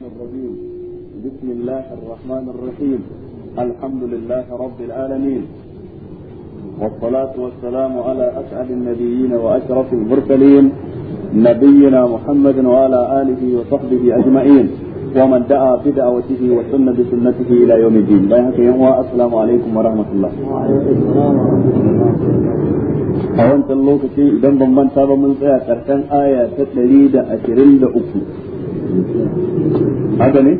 الرجيم بسم الله الرحمن الرحيم الحمد لله رب العالمين والصلاة والسلام على أسعد النبيين وأشرف المرسلين نبينا محمد وعلى آله وصحبه أجمعين ومن دعا بدعوته وسن بسنته إلى يوم الدين لا السلام عليكم ورحمة الله a wancan lokaci الله ban manta ba mun tsaya آية aya ta 123 haka ne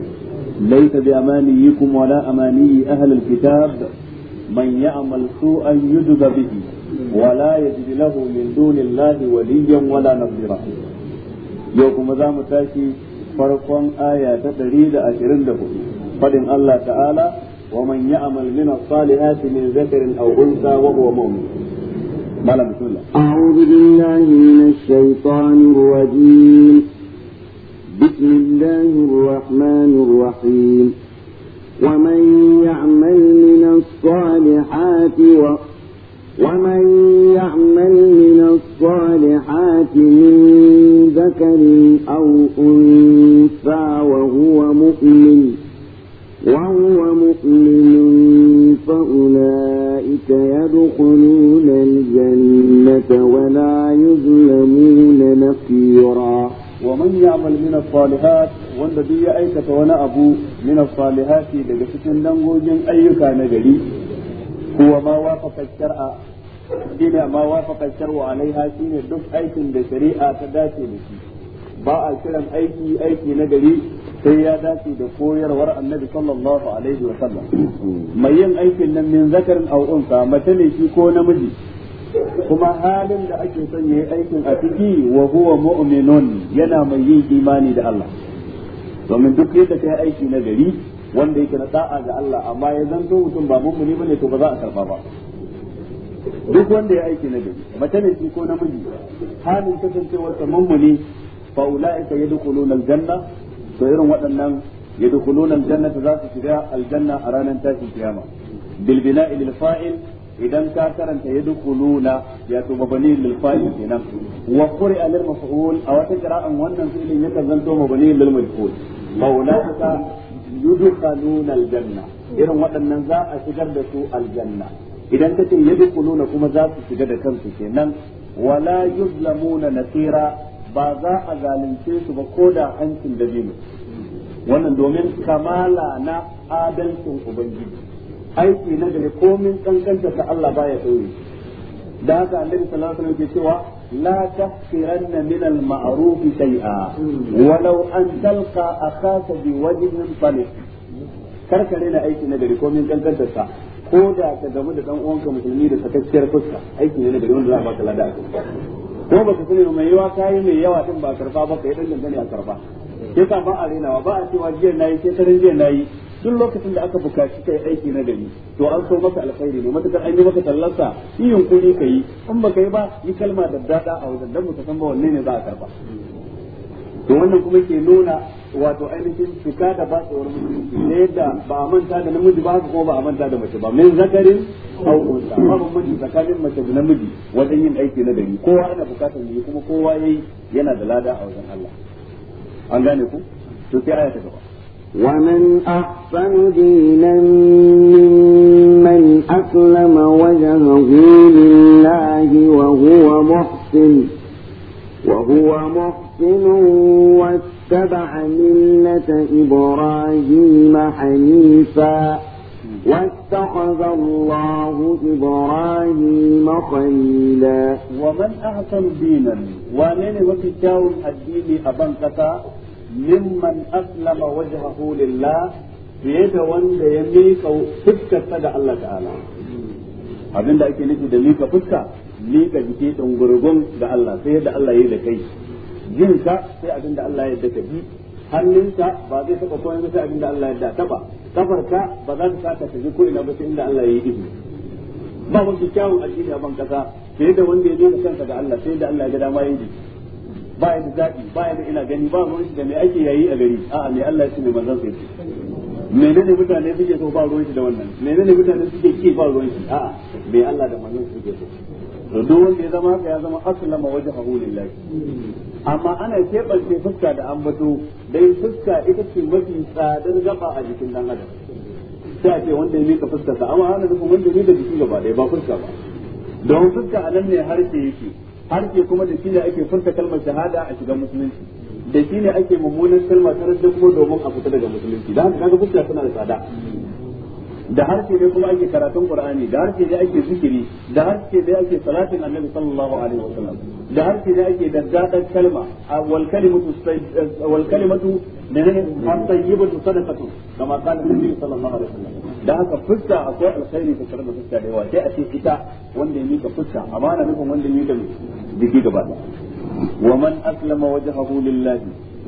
laita bi kuma wala amaniyi ahlul kitab man ya'mal su'an yudba bihi wala yajid lahu min dunillahi waliyyan wala nasira yau kuma za mu tashi farkon aya ta 124 fadin Allah ta'ala wa man ya'mal min as-salihati min dhakarin aw unsa wa huwa mu'min malam sulla a'udhu billahi minash shaitanir rajim بسم الله الرحمن الرحيم ومن يعمل من الصالحات و... ومن يعمل من الصالحات من ذكر أو أنثى وهو مؤمن وهو مؤمن فأولئك يدخلون الجنة ولا يظلمون نقيراً ومن يعمل من الصالحات وند دي أيكة وانا أبو من الصالحات دقى سكن دنجوجين أيكا نجري هو ما وافق الشرع shine ma wafaka shar'u alaiha shine duk aikin da shari'a ta dace da shi ba a kiran aiki aiki na gari sai ya dace da koyarwar annabi sallallahu alaihi wa mai yin aikin nan min zakarin aw mace ne shi ko namiji kuma halin da ake son yi aikin a ciki wa huwa mu'minun yana mai yin imani da Allah domin duk yadda yi aiki na gari wanda yake na da'a ga Allah amma ya zanto mutum ba mummuni bane to ba za a karba ba duk wanda ya aiki na gari mace ne ko namiji halin kasancewar ta mummuni fa ulaika yadkhuluna aljanna to irin waɗannan yadkhuluna aljanna za su shiga aljanna a ranar tashin kiyama bil bina'i lil fa'il idan ka karanta yadkhuluna ya to mabani lil fa'il kenan wa qur'a lil maf'ul a wata qira'an wannan fi'ilin ya kazanto mabani lil majhul maulaka yudkhuluna al janna irin waɗannan za a shigar da su aljanna idan kace yadkhuluna kuma za su shiga da kansu kenan wala yuzlamuna nasira ba za a zalunce su ba ko da hancin dabino wannan domin kamala na adalcin ubangiji aiki na gari komin kankanta ta Allah baya dore da haka annabi sallallahu alaihi wasallam ke cewa la tahqiranna min al ma'ruf shay'a walau an talqa akhaka bi wajhin talih karkare na aiki na gari komin kankanta ta ko da ka gamu da dan uwanka musulmi da sakakkiyar fuska aiki ne na gari wanda za a baka lada ko ba ka sani mai yawa kayi mai yawa din ba karfa ba kai dan dangane a karfa yasa ba a rena ba a cewa jiya nayi sai sanin jiya nayi duk lokacin da aka bukaci kai aiki na gari to an so maka alkhairi ne matakar an yi maka tallarsa yi yunkuri ka yi in baka yi ba yi kalma da dada a wajen dan mutum ba wanne ne za a karba to wannan kuma ke nuna wato ainihin cika da batsawar musulunci ne yadda ba a manta da namiji ba haka kuma ba a manta da mace ba min zakarin aw unsa ba bambanci zakarin mace da namiji wajen yin aiki na gari kowa ana bukatar yi kuma kowa yayi yana da lada a wajen Allah an gane ku to sai aya ta gaba ومن أحسن دينا ممن أسلم وجهه لله وهو محسن وهو محسن واتبع ملة إبراهيم حنيفا واتخذ الله إبراهيم خليلا ومن أحسن دينا ومن وكتاو الدين أبنكتا mimman aslama wajhahu lillah fiye da wanda ya mika fuskarsa ga Allah ta'ala abin da ake nufi da mika fuska mika jiki gurgun ga Allah sai da Allah ya da kai jinka sai abin da Allah ya da kai hannunka ba zai taba komai yanzu sai abin da Allah ya da ba. kafarka ba za ta saka ta ji ko ina ba sai inda Allah ya yi izini ba wani kyawun addini a ban kasa sai da wanda ya daina kansa ga Allah sai da Allah ya ga dama ya ba ya da zaɓi ba ya da ina gani ba ruwan shi da mai ake yayi a gari a'a mai Allah ya ce mai manzon sai menene mutane suke so ba ruwan shi da wannan menene mutane suke ke ba ruwan shi a'a mai Allah da manzon suke so to duk wanda ya zama haka ya zama aslama wajhahu lillahi amma ana keɓance fuska da ambato dai fuska ita ce mafi tsadar gaba a jikin dan adam sai a ce wanda ya mika fuska sa amma ana nufin wanda ya mika jiki gaba ɗaya ba fuska ba don fuska a nan ne harshe yake harshe kuma da shi ne ake furta kalmar shahada a shiga musulunci da shi ne ake mummunan kalma ta rashin kuma domin a fita daga musulunci da haka kaga fuska suna da tsada da harshe ne kuma ake karatun qur'ani da harshe ne ake zikiri da harshe ne ake salatin annabi sallallahu alaihi wasallam da harshe ne ake daddadan kalma wal kalimatu wal kalimatu at-tayyibatu sadaqatu kama qala annabi sallallahu alaihi wasallam da haka fuska akwai alkhairi ta karama fuska da yawa sai a ce ita wanda ya mika fuska amana nufin wanda ya mika jiki gaba wa man aslama wajhahu lillahi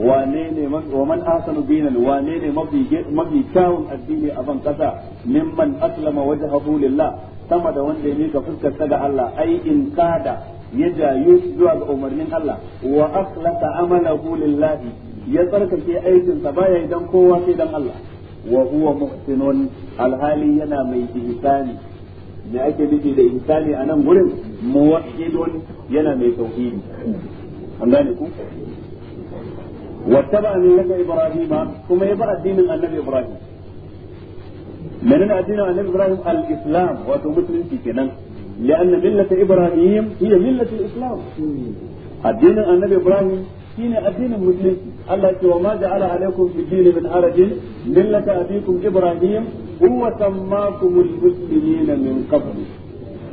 wane ne wa man ahsanu dinan wane ne mafi mafi kyawun addini a ban kasa mimman aslama wajhahu lillah sama da wanda ya ka fuskar ga Allah ai in kada ya jayu zuwa ga umarnin Allah wa akhlasa amalahu lillah ya tsarkake aikin sa baya idan kowa sai dan Allah wa huwa muhsinun alhali yana mai ihsani me ake nufi da insani a nan gurin muwahhidun yana mai tauhidi an gane ku wattaba millata ibrahima kuma ya bar addinin annabi ibrahim menene addinin annabi ibrahim al-islam wato musulunci kenan لأن ملة إبراهيم هي ملة الإسلام الدين النبي إبراهيم دين الدين المسلم الله وما جعل عليكم في ja'ala alaikum fi ملة أبيكم إبراهيم هو سماكم المسلمين من قبل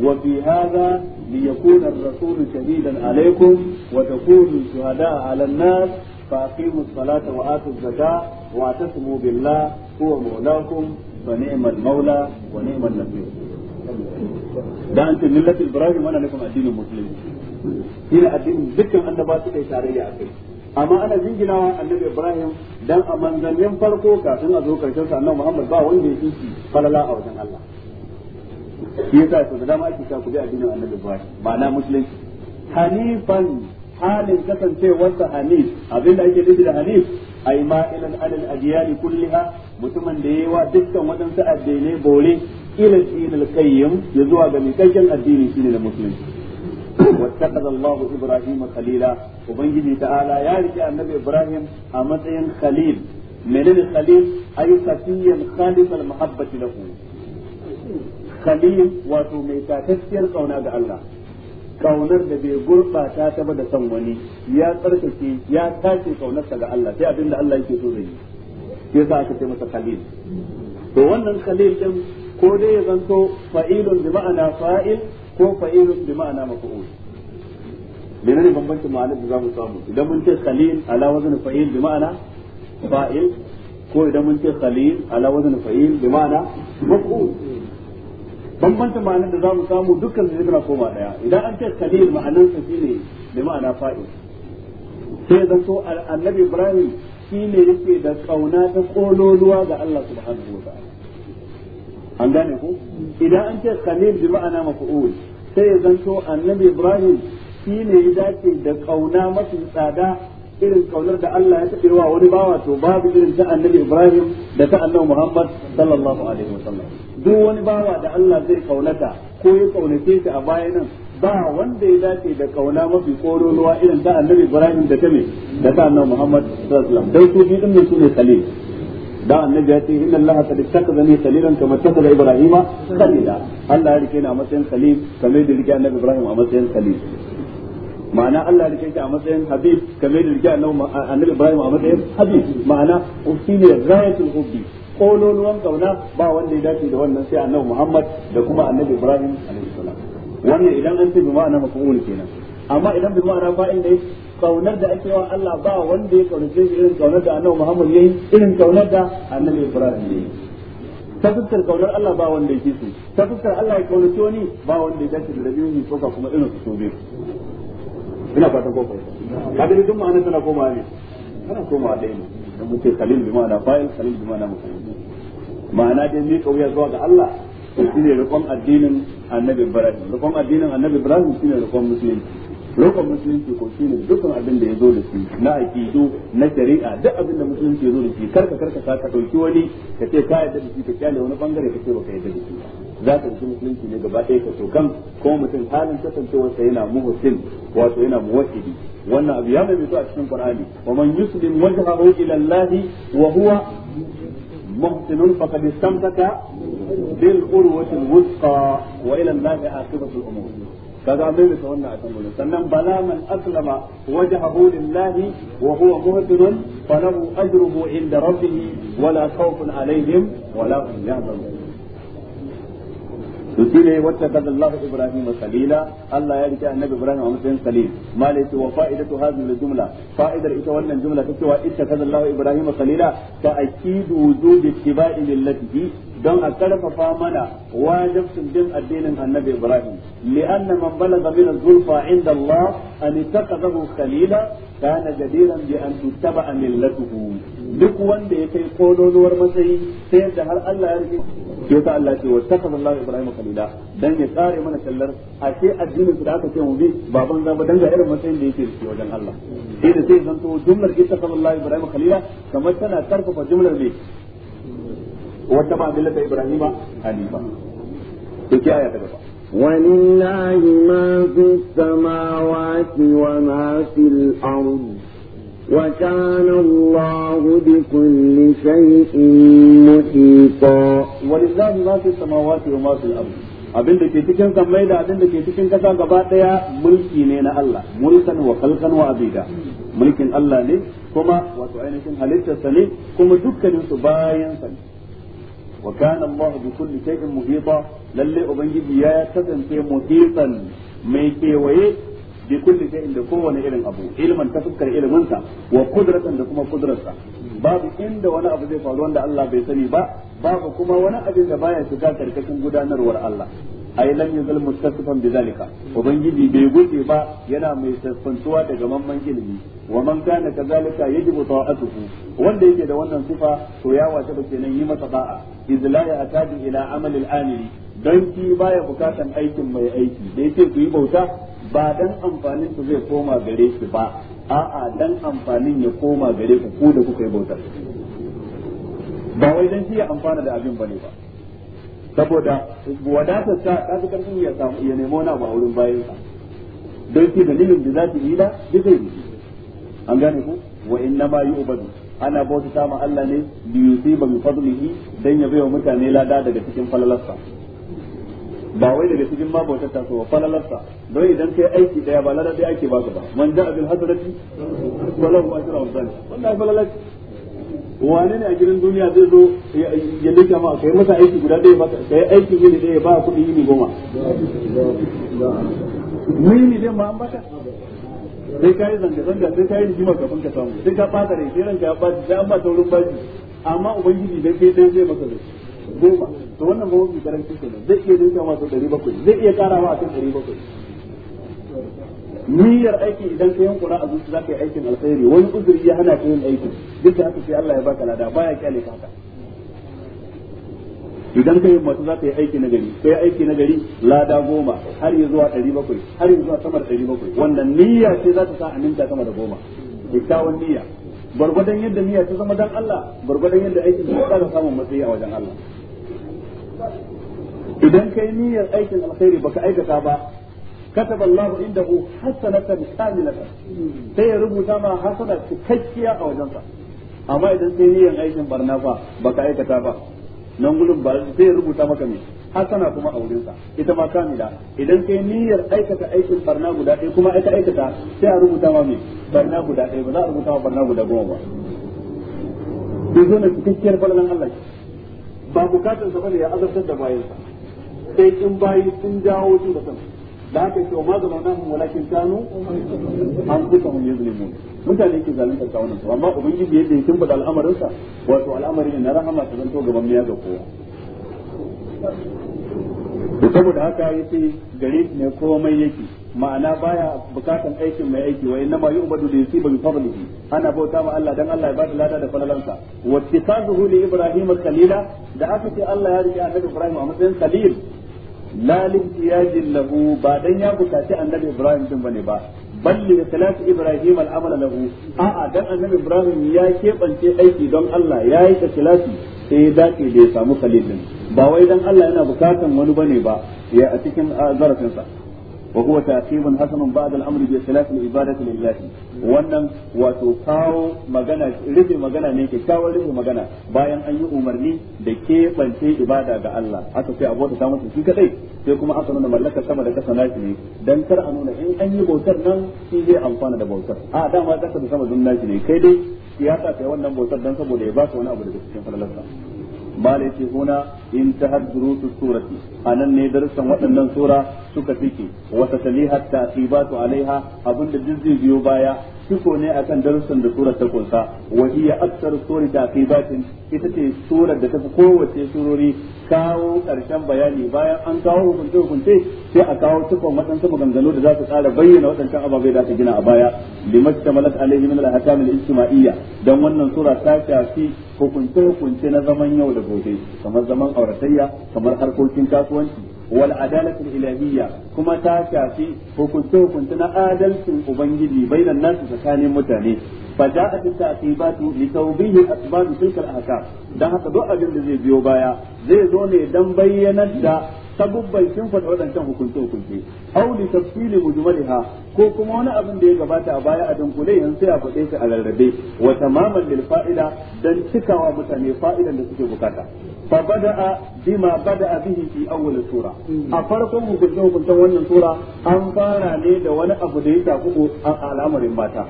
وفي هذا ليكون الرسول شهيدا عليكم وتكونوا شهداء على الناس فأقيموا الصلاة وآتوا الزكاة واعتصموا بالله هو مولاكم فنعم المولى ونعم النبي ده أنت ملة إبراهيم وأنا لكم الدين المسلم shine addinin dukkan annaba su kai tarayya akai amma ana jinginawa annabi Ibrahim dan a manzannin farko kafin a zo karshen sa annabi Muhammad ba wanda ya kishi falala a wajen Allah shi yasa to da dama ake cewa ku bi addinin annabi Ibrahim ma'ana musulunci hanifan halin kasancewarsa hanif abin da ake nufi da hanif ai ma'ilan alal adiyani kullaha mutumin da yayi wa dukkan wadansu addinai bore ila dinil qayyim ya zuwa ga mikakken addini shine da musulunci واتخذ الله ابراهيم خليلا وبنجي تعالى يا رجاء النبي ابراهيم امتين خليل من الخليل اي صفيا خالف المحبه له خليل واتو ميتا تسير قونا الله kaunar da bai gurɓata ta ba da san wani ya tsarkake ya tace ta ga Allah sai abinda Allah yake so zai yi sai aka ce masa khalil to wannan khalil din ko dai ya zanto fa'ilun bi ma'ana fa'il ko fa'ilun bi ma'ana maf'ul menene bambancin ma'anar da zamu samu idan mun ce khalil ala wazn fa'il bi ma'ana fa'il ko idan mun ce khalil ala wazn fa'il bi ma'ana maf'ul bambancin ma'anar da zamu samu dukkan su tana koma daya idan an ce khalil ma'anar sa shine bi ma'ana fa'il sai da so annabi ibrahim shine yake da kauna ta kololuwa ga Allah subhanahu wa ta'ala an gane ko idan an ce khalil bi ma'ana maf'ul sai ya zanto annabi ibrahim shi ne ya dace da kauna mafi tsada irin kaunar da Allah ya taɓe wa wani bawa to babu irin ta annabi ibrahim da ta annabi muhammad sallallahu alaihi wasallam duk wani bawa da Allah zai kaunata ko ya kaunace shi a baya nan ba wanda ya dace da kauna mafi koroluwa irin ta annabi ibrahim da ta me da ta annabi muhammad sallallahu alaihi wasallam dai su biyu din ne su ne khalil da annabi ya ce inna allaha qad ittakhadhani khalilan kama ittakhadha ibrahima khalila Allah ya rike ni a matsayin khalil kamar da rike annabi ibrahim a matsayin khalil ma'ana Allah ya rike shi a matsayin habib kamar da rike annabi ibrahim a matsayin habib ma'ana usili ghayatul hubbi kololuwan kauna ba wanda ya dace da wannan sai annabi muhammad da kuma annabi ibrahim alaihi salam wannan idan an ce bi ma'ana maf'ul kenan amma idan bi ma'ana fa'il ne kaunar da ake wa Allah ba wanda ya kaunace shi irin kaunar da Annabi Muhammad yayi irin kaunar da Annabi Ibrahim yayi ta fuskar kaunar Allah ba wanda yake so ta fuskar Allah ya kaunace wani ba wanda ya dace da rabin ko kuma irin su so biyu ina fatan ko ka ga duk ma'anar tana koma ne tana koma ɗaya ne dan muke bi ma'ana fa'il khalil bi ma'ana mutane ma'ana dai ni kauya zuwa ga Allah shine addinin Annabi Ibrahim rikon addinin Annabi Ibrahim shine musulunci rukun musulunci ko shine dukkan abin da ya zo da shi na aqidu na shari'a duk abin da musulunci ya zo da shi karka karka ka dauki wani ka ce ka yadda da shi ka kyale wani bangare ka ce baka yadda da shi za ka ji musulunci ne gaba ɗaya ka tokan ko mutum halin kasancewarsa yana muhsin wato yana muwahhidi wannan abu ya mai a cikin qur'ani wa man yuslim wajhahu ila allahi wa huwa محسن فقد استمسك بالعروة الوثقى وإلى الله عاقبة الأمور kaga an bayyana wannan a can gurin sannan bala man aslama wajhahu lillahi wa huwa muhsinun falahu ajruhu inda rabbih wala khawfun alaihim wala hum yahzanun to shine wata kada Allah Ibrahim salila Allah ya rike annabi Ibrahim a matsayin salil malai wa fa'idatu jumla ita wannan jumla ta cewa itta kada Allah Ibrahim salila ta akidu wujudi ittiba'i lillatihi don a karfafa mana wajibcin bin addinin annabi ibrahim li'anna man balaga min az-zulfa inda allah an ittaqadahu khalila kana jadiran bi an tuttaba millatuhu duk wanda ya kai kololuwar matsayi sai da har Allah ya rike shi yasa Allah ce wattakaza Allah Ibrahim khalila dan ya tsare mana sallar a ce addinin su da aka ce mu bi baban za ba dan ga irin matsayin da yake shi wajen Allah sai da sai zanto jumlar ittakaza Allah Ibrahim khalila kamar tana karfafa jumlar ne wata ba millata ibrahima hanifa to ki aya ta gaba ولله ما في السماوات وما في الأرض وكان الله بكل شيء محيطا ولله ما في السماوات وما في الأرض abin da ke cikin sammai da abin da ke cikin kasa gaba daya mulki ne na Allah mulkan wa kalkan wa abida mulkin Allah ne kuma wato ainihin halittarsa ne kuma dukkanin su bayan sa ne wa kana Allah bi kulli shay'in muhita lalle ubangiji ya kasance muhitan mai kewaye bi kulli shay'in da kowane irin abu ilman ta fuskar ilimin sa wa qudratan da kuma qudrarsa babu inda wani abu zai faru wanda Allah bai sani ba babu kuma wani abin da baya shiga karkashin gudanarwar Allah ai lam yuzal mustasfan bidalika ubangiji bai guje ba yana mai tasfantuwa daga mamman ilimi wa man kana kazalika yajibu ta'atuhu wanda yake da wannan sifa to ya wace da kenan yi masa ba'a iz la ya'tadu ila amali al-amili dan ki baya bukatan aikin mai aiki da yake ku yi bauta ba dan amfanin su zai koma gare ki ba a'a dan amfanin ya koma gare ku ku da kuka yi bautar ba wai dan shi ya amfana da abin bane ba saboda wadatar ta ta karfin ya samu ya nemo na ba wurin bayan sa don ki nilin da za ta yi da zai yi an gane ku wa inna ma yu'badu ana bauta ta ma Allah ne bi mu bi fadlihi dan ya bayo mutane lada daga cikin falalarsa ba wai daga cikin ma bautar ta so falalarsa don idan kai aiki daya ba lada sai ake ba ka ba man ja'a bil hasanati falahu ajru amsal wallahi falalati wani ne a gidan duniya zai zo ya lika ma kai masa aiki guda ɗaya ba kai aiki yini ɗaya ba kuɗi yini goma ni ne ma an baka sai kai zanga zanga sai kai rigima kafin ka samu sai ka fata rai sai ranka ya baci sai an ba taurin baci amma ubangiji dai kai dai zai maka zai goma to wannan ba mafi karanci kenan zai iya lika ma sau ɗari bakwai zai iya karawa a kan ɗari bakwai niyyar aiki idan ka yankura a zuci zaka yi aikin alkhairi wani uzuri ya hana ka yin aikin duk da haka sai Allah ya baka lada baya kyale ka haka idan ka yi masu za ka yi aiki na gari ka yi aiki na gari lada goma har yi zuwa ɗari bakwai har yi zuwa sama da ɗari bakwai wanda niyya ce za ta sa a aminta sama da goma kyakkyawan niyya gwargwadon yadda niyya ta zama dan Allah gwargwadon yadda aikin ta ƙara samun matsayi a wajen Allah idan ka yi niyyar aikin alkhairi baka aikata ba Ka ta bala ba inda ko Hassanatani Alila ta. Fai ya rubuta ma Hassana ki kaciya a wajen sa. Amma idan ke niyyar aikin barnafa ba ka aikata kuma a wurin Ita ba sami da. Idan ke niyyar aikata aikin barna guda ɗaya kuma aka aikata sai a rubuta ma min. Barna guda ɗaya ba za a rubuta ma barna guda goma ba. Duk zaune su kaci yar Allah ki. Babu katinsa ba ne ya alamta da bayansa. Sarkin bayi sun jawo sun ta da haka yake ma zalauna hum walakin kanu an kusa mun yazlimun mutane zalin da kawunan su amma ubangiji yadda ya tumbata al'amarin sa wato al'amari ne na rahama ta zanto gaban miya ga kowa da saboda haka ce gare ne komai yake ma'ana baya bukatan aikin mai aiki wa inna ma ubadu da yasi bi fadlihi ana bauta ma Allah dan Allah ya bada lada da falalansa wa tisazuhu li ibrahim khalila da aka ce Allah ya rike annabi ibrahim a matsayin khalil la lintiyajin lahu ba dan ya bukaci annabi ibrahim din bane ba balli da salatu ibrahim al'amala lahu a'a dan annabi ibrahim ya keɓance aiki don Allah ya yi salatu sai ya dace da ya samu khalilin ba wai dan Allah yana bukatan wani bane ba ya a cikin zarafinsa wa huwa taqibun hasanun ba'da al-amri bi salati al-ibadati lillah wannan wato kawo magana rufe magana ne ke kawo rufe magana bayan an yi umarni da keɓance ibada ga Allah aka sai abota ta masa shi kadai sai kuma aka nuna mallakar sama da kasa nashi ne dan kar a nuna in an yi bautar nan shi zai amfana da bautar a dama kasa da sama dun nashi ne kai dai siyasa kai wannan bautar dan saboda ya ba wani abu daga cikin falalarsa bala yace huna intahar durusu surati nan ne darussan waɗannan sura suka tike wa taslihat ta'qibatu alaiha abinda duk zai biyo baya ciko ne akan darussan da surar ta kunsa wa hiya aktsar suri da batin ita ce surar da tafi kowace surori kawo karshen bayani bayan an kawo hukunce hukunce sai a kawo cikon waɗansu maganganu da za su tsara bayyana waɗancan ababai da su gina a baya limattamalat alaihi min al-ahkam al-ijtima'iyya dan wannan sura ta shafi hukunce hukunce na zaman yau da gobe kamar zaman auratayya kamar harkokin kasuwanci wal adalatul ilahiyya kuma ta shafi hukunce hukunce na adalcin ubangiji bainan nasu tsakanin mutane fa ja'at ba li tawbih asbab tilka al ahkam dan haka duk abin da zai biyo baya zai zo ne don bayyanar da sabubban sun faɗa waɗancan hukunce hukunce aw li tafsili mujmalha ko kuma wani abin da ya gabata a baya a dunkule yanzu sai a faɗe shi a rarrabe wa tamaman lil fa'ida dan cikawa mutane fa'idan da suke bukata fa bada'a bima bada'a bihi fi awwal sura a farkon hukunce hukuncen wannan sura an fara ne da wani abu da ya an al'amarin mata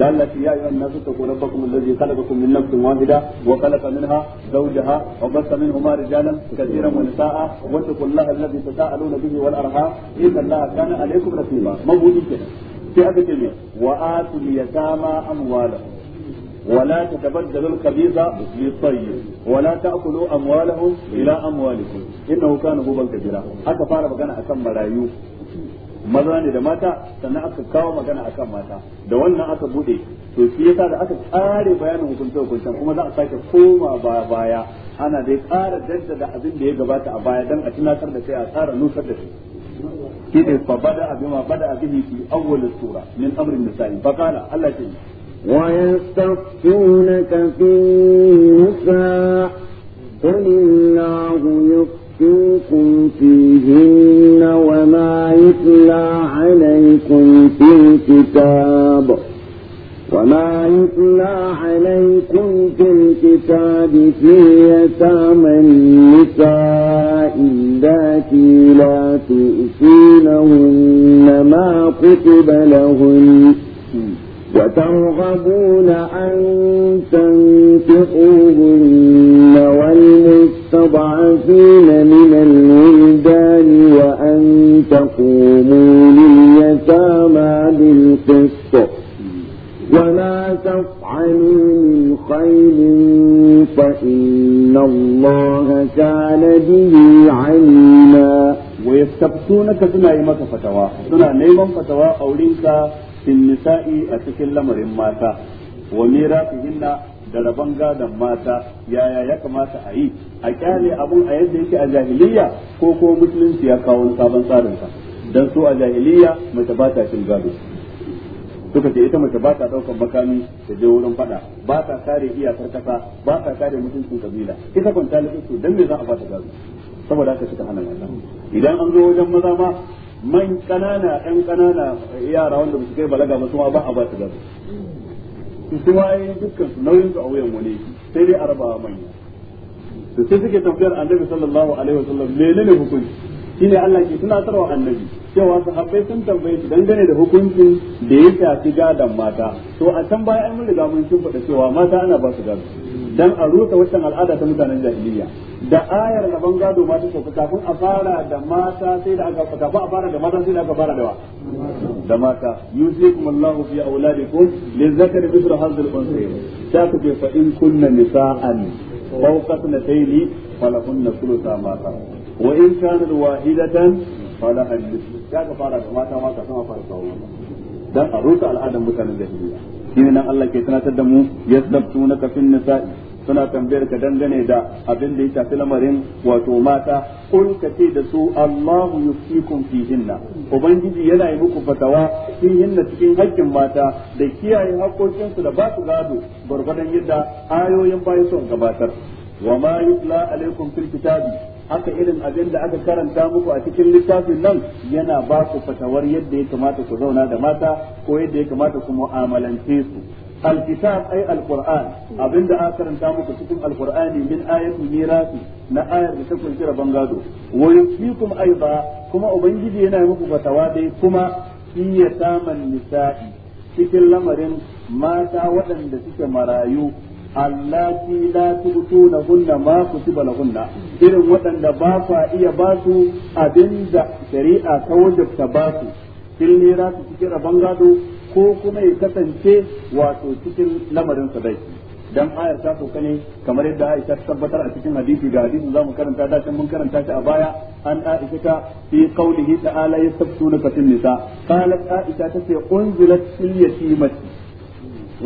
قال لك يا ايها الناس اتقوا ربكم الذي خلقكم من نفس واحده وخلق منها زوجها وبث منهما رجالا كثيرا ونساء واتقوا الله الذي تساءلون به والارحام ان الله كان عليكم رقيبا موجود كده في هذا الكلمه واتوا اليتامى اموالهم ولا تتبدلوا الخبيث بالطيب ولا تاكلوا اموالهم الى اموالكم انه كان غبا كبيرا haka fara magana akan marayu maza ne da mata sannan aka kawo magana akan mata da wannan aka bude to shi yasa da aka tsare bayanin hukuncin hukuncin kuma za a sake koma ba baya ana dai ƙara daddada abin da ya gabata a baya dan a tunatar da kai a tsara nusar da kai shi ne fa bada ma bada bihi a awwal sura min amrin nisa'i fa qala Allah ce wa yastafuna النساء قل الله يفتح يأتوكم فيهن وما يتلى عليكم في الكتاب وما يتلى عليكم في الكتاب في يتامى النساء اللاتي لا تؤتونهن ما كتب لهن وترغبون أن تنفقوهن والمسلمين المستضعفين من الولدان وأن تقوموا لليتامى بالقسط ولا تفعلوا من خير فإن الله كان به عليما ويستبسونك سنة إمك فتوى سنة نيما فتوى أولينك في النساء أتكلم رماتا وميراثهن da rabon gadon mata yaya ya kamata a yi a kyale abun a yadda yake a jahiliya ko ko musulunci ya kawo sabon tsarin sa dan so a jahiliya mace ba ta cin gado suka ce ita mace ba ta daukan makami da je wurin fada ba ta kare iyakar kasa ba ta kare mutuncin kabila ita kwanta lafiya dan me za a ba ta gado saboda haka suka hana wannan idan an zo wajen maza ma man kanana ɗan kanana yara wanda ba su kai balaga ba su ma ba a ba su gado su kuma ayoyin dukkan su nauyin su a wuyan wani sai dai a rabawa manya to sai suke tafiyar annabi sallallahu alaihi wasallam menene hukunci shine Allah ke wa annabi cewa sahabbai sun tambaye shi dangane da hukuncin da ya shafi gadan mata to a can baya an riga mun shin cewa mata ana ba su dan a rusa waccan al'ada ta mutanen jahiliya da ayar na gado do ta sauka kafin a fara da mata sai da aka kafin a fara da mata sai da aka fara da wa da mata yusikum Allahu fi auladikum lizakari mithlu hadhil unsayn ta ku fa in kunna nisaan fawqa thnatayn falahunna thulutha ma taraka wa in kanat wahidatan falaha nisfu ta ka fara da mata ma kafin a fara da dan a rusa al'adan mutanen jahiliya shine nan Allah ke tunatar da mu yasdabtunaka fin nisaa suna tambayar ka dangane da abin da ya shafi lamarin wato mata kun ka ce da su Allahu fi fihinna ubangiji yana yi muku fatawa hinna cikin haƙƙin mata da kiyaye haƙƙoƙinsu da ba su gado gwargwadon yadda ayoyin bayan son gabatar wa ma yutla alaikum fil kitabi haka irin abin da aka karanta muku a cikin littafin nan yana ba ku fatawar yadda ya kamata ku zauna da mata ko yadda ya kamata ku mu'amalance su الكتاب أي القرآن أبن دا min انتامك سكم القرآن من آية ميراث نا آية بسكم سيرا بنغادو ويكفيكم أيضا كما أبنجي هنا يمكو فتوادي كما في يتام النساء cikin lamarin mata waɗanda suke marayu allati na tubtuna hunna ma kutiba lahunna irin waɗanda ba fa iya basu abinda shari'a ta wajabta ba su fil mirasu cikin gado ko kuma ya kasance wato cikin lamarin sadaki dan ayar ta ko kane kamar yadda Aisha ta tabbatar a cikin hadisi ga za zamu karanta da can mun karanta shi a baya an Aisha fi qaulihi ta'ala yastabtunaka katin nisa qalat Aisha ce unzilat fil yatimati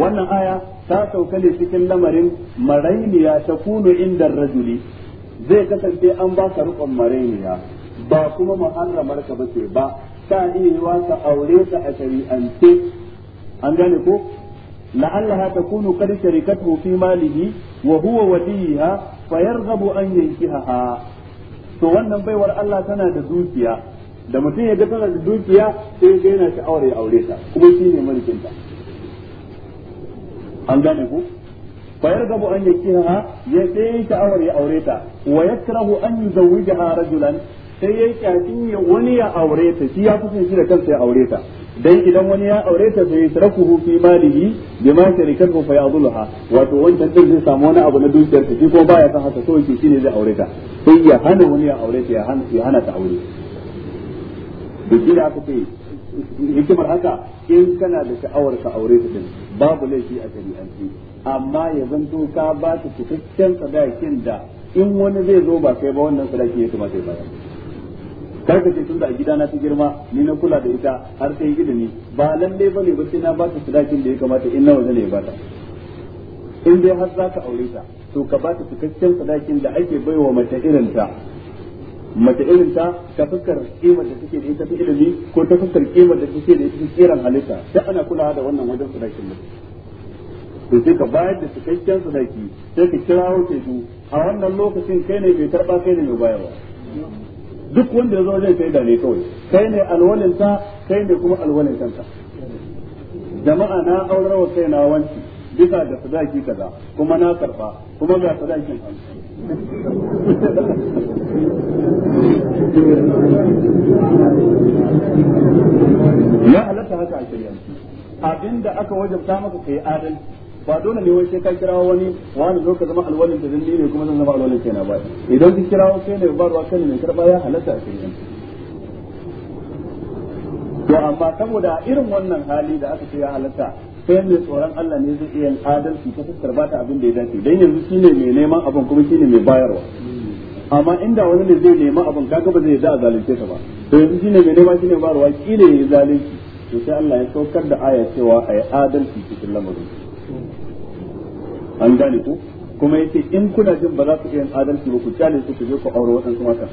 wannan aya ta sauka cikin lamarin marainiya ta kunu inda rajuli zai kasance an ba ka rukun marainiya ba kuma muharramar ka bace ba ta iya ta ka aure ta a shari'ance an gane ko la'allaha takunu kad sharikatu fi malihi wa huwa wadiha fa yarghabu an yankihaha to wannan baiwar Allah tana da dukiya da mutum ya ga tana da dukiya sai ga yana sha'awar ya aure ta kuma shi ne ta an gane ku fa yarghabu an yakiha ya sai sha'awar ya aure ta wa yakrahu an yuzawwijaha rajulan sai yayi kyafin ya wani ya aure ta shi ya fi shi da kansa ya aure ta dan idan wani ya aure ta sai hu fi malihi bima sharikatu fa ya'dulha wato wancan din zai samu wani abu na dukiyar ta shi ko baya san haka so yake shine zai aure ta sai ya hana wani ya aure ta ya hana ya hana ta aure duk da aka ce hikimar haka in kana da sha'awar ka aure ta din babu laifi a shari'ance amma ya zanto ka ba ta cikakken sadakin da in wani zai zo ba kai ba wannan sadaki ya kuma sai bayar kar ka ce tun da a gida na ta girma ni na kula da ita har sai ilimi ba lalle bane ba sai na ba ta sadakin da ya kamata in nawa ne ba ta in dai har za ka aure ta to ka ba ta cikakken sadakin da ake baiwa mace irin ta mace irin ta ta fuskar kimar da take da ita ta ilimi ko ta fuskar kimar da take da ita ta kiran halitta sai ana kulawa da wannan wajen sadakin ne. to sai ka bayar da cikakken sadaki sai ka kirawo teku a wannan lokacin kai ne bai tarba kai ne mai bayarwa duk wanda ya zo zai sai da ne kawai kai ne alwalinsa kai ne kuma alwalin jama'a na aurawa kai na wanci bisa da sadaki kaza kuma na karba kuma ga sadakin ya halatta haka a shirya abinda aka wajabta maka kai adalci ba dole ne wai sai ka kira wani wani zo ka zama alwalin da zalli ne kuma zan zama alwalin kai na ba idan ka kira kai ne ba ruwa kai ne mai karba ya halatta a cikin to amma saboda irin wannan hali da aka ce ya halatta sai mai tsoron Allah ne zai iya adalci ta fuskar ba ta abin da ya dace dan yanzu shine mai neman abin kuma shine mai bayarwa amma inda wani ne zai nema abin kaga ba zai da a zalunce ta ba to yanzu shine mai nema shine bayarwa kile ya zalunci to sai Allah ya saukar da aya cewa ai adalci cikin lamarin an gane ku kuma yace in kuna jin ba za ku iya adalci ba ku kyale su ku je ku aure waɗansu mata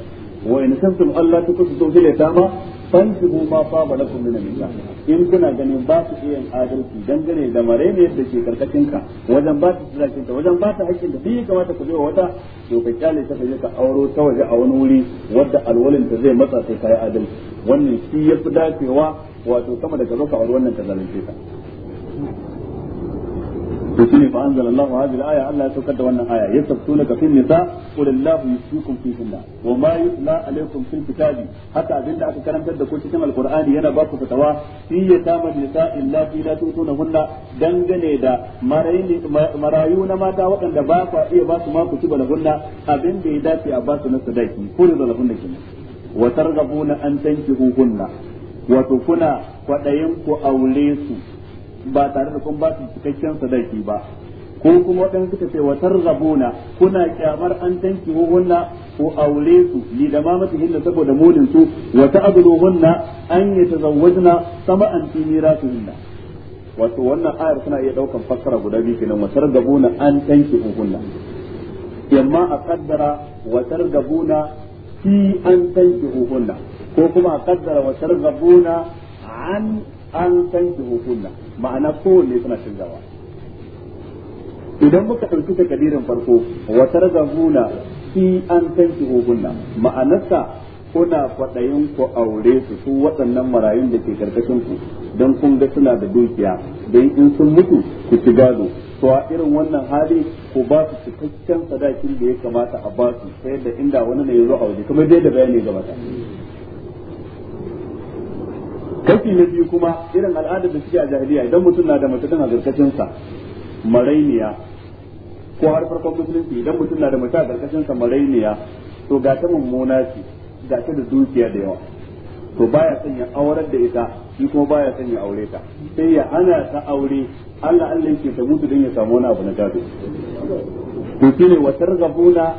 wa in kuntum Allah ta kusa zuwa da dama ma fa balakum min Allah in kuna ganin ba su iya adalci dangane da mare ne ke karkashin ka wajen ba ta sadakin ta wajen ba ta hakkin da bai kamata ku biyo wata to ka kyale ta je ka auro ta waje a wani wuri wanda alwalin ta zai matsa sai kai adalci wannan shi yafi dacewa wato sama da ka zo ka aure wannan ta zalunce ta to shine fa anzalallahu hadhihi al-aya Allah ya saukar da wannan aya yasabtuna ka fil nisa qul Allahu yusikum fi kunna wa ma yutla alaykum fil kitabi haka abinda aka karantar da ku cikin alqur'ani yana ba ku fatawa fi yatama nisa illa fi la tutuna hunna dangane da marayu na mata waɗanda ba ku iya ba su ma ku ci bala hunna abinda ya dace a ba su na sadaki ko da hunna kenan wa targhabuna an tankihu hunna wato kuna kwadayin ku aure su ba tare da kun ba su cikakken sadaki ba ko kuma waɗanda suka ce wa targhabuna kuna kyamar an tanki hunna ko aure su ni da ma mata hinna saboda munin su wa ta'dulu hunna an yatazawwajna sama an su hinna. wato wannan ayar suna iya daukan fassara guda biyu kenan wa targhabuna an tanki hunna yamma a kaddara wa targhabuna fi an tanki hunna ko kuma a kaddara wa targhabuna an an san shi hukunna ma'ana kowanne suna canzawa idan muka ɗauki kadirin farko wa huna fi an san shi hukunna ma'anarsa kuna faɗayin ku aure su su waɗannan marayun da ke karkashin ku don kun ga suna da dukiya don in sun mutu ku ci gado to a irin wannan hali ku ba su cikakken sadakin da ya kamata a ba su sai da inda wani ne ya zo aure kamar dai da bayani gabata kafi na biyu kuma irin al'adar da suke a jahiliya idan mutum na da mace tana karkashin sa marainiya ko har farkon musulunci idan mutum na da mace a karkashin sa marainiya to ga ta mummuna ce ga ta da dukiya da yawa to baya son ya aurar da ita shi kuma baya son ya aure ta sai ya ana ta aure Allah Allah yake ta mutu don ya samu wani abu na gado to shine wa targabuna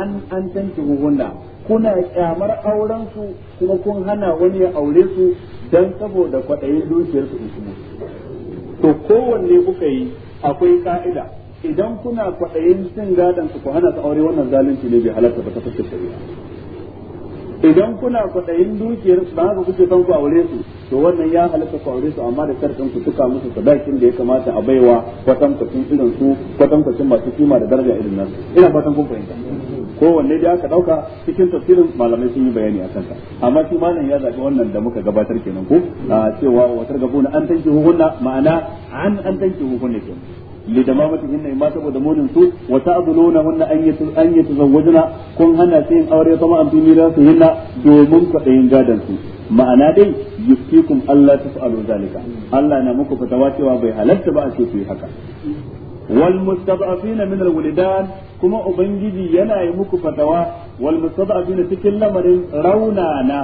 an an tanki hunna kuna kyamar auren su kuma kun hana wani ya aure su dan saboda kwaɗayin dukiyar su kuma to kowanne kuka yi akwai ka'ida idan kuna kwaɗayin cin gadon su ku hana su aure wannan zalunci ne bai halarta ba ta fuskar shari'a idan kuna kwaɗayin dukiyar su haka kuke son ku aure su to wannan ya halatta ku aure su amma da sharɗin ku tuka musu sadakin da ya kamata a baiwa kwatankwacin irin su kwatankwacin masu kima da daraja irin nan ina fatan kun fahimta kowanne da aka dauka cikin tafsirin malamai sun yi bayani akan ta amma shi malam ya zabi wannan da muka gabatar kenan ko a cewa wa na an tanki hukunna ma'ana an an tanki hukunna kenan lidamamatihin ma saboda munin su wa ta'duluna hunna an yatu an yatazawwajuna kun hana sai yin aure kuma an fi hinna domin kwaɗayin gadan su ma'ana dai yuftikum Allah taf'alu zalika Allah na muku fatawa cewa bai halatta ba a ce ku yi haka wal mustad'afina min al wuldan kuma ubangiji yana yi muku fatawa wal mustad'afina cikin lamarin raunana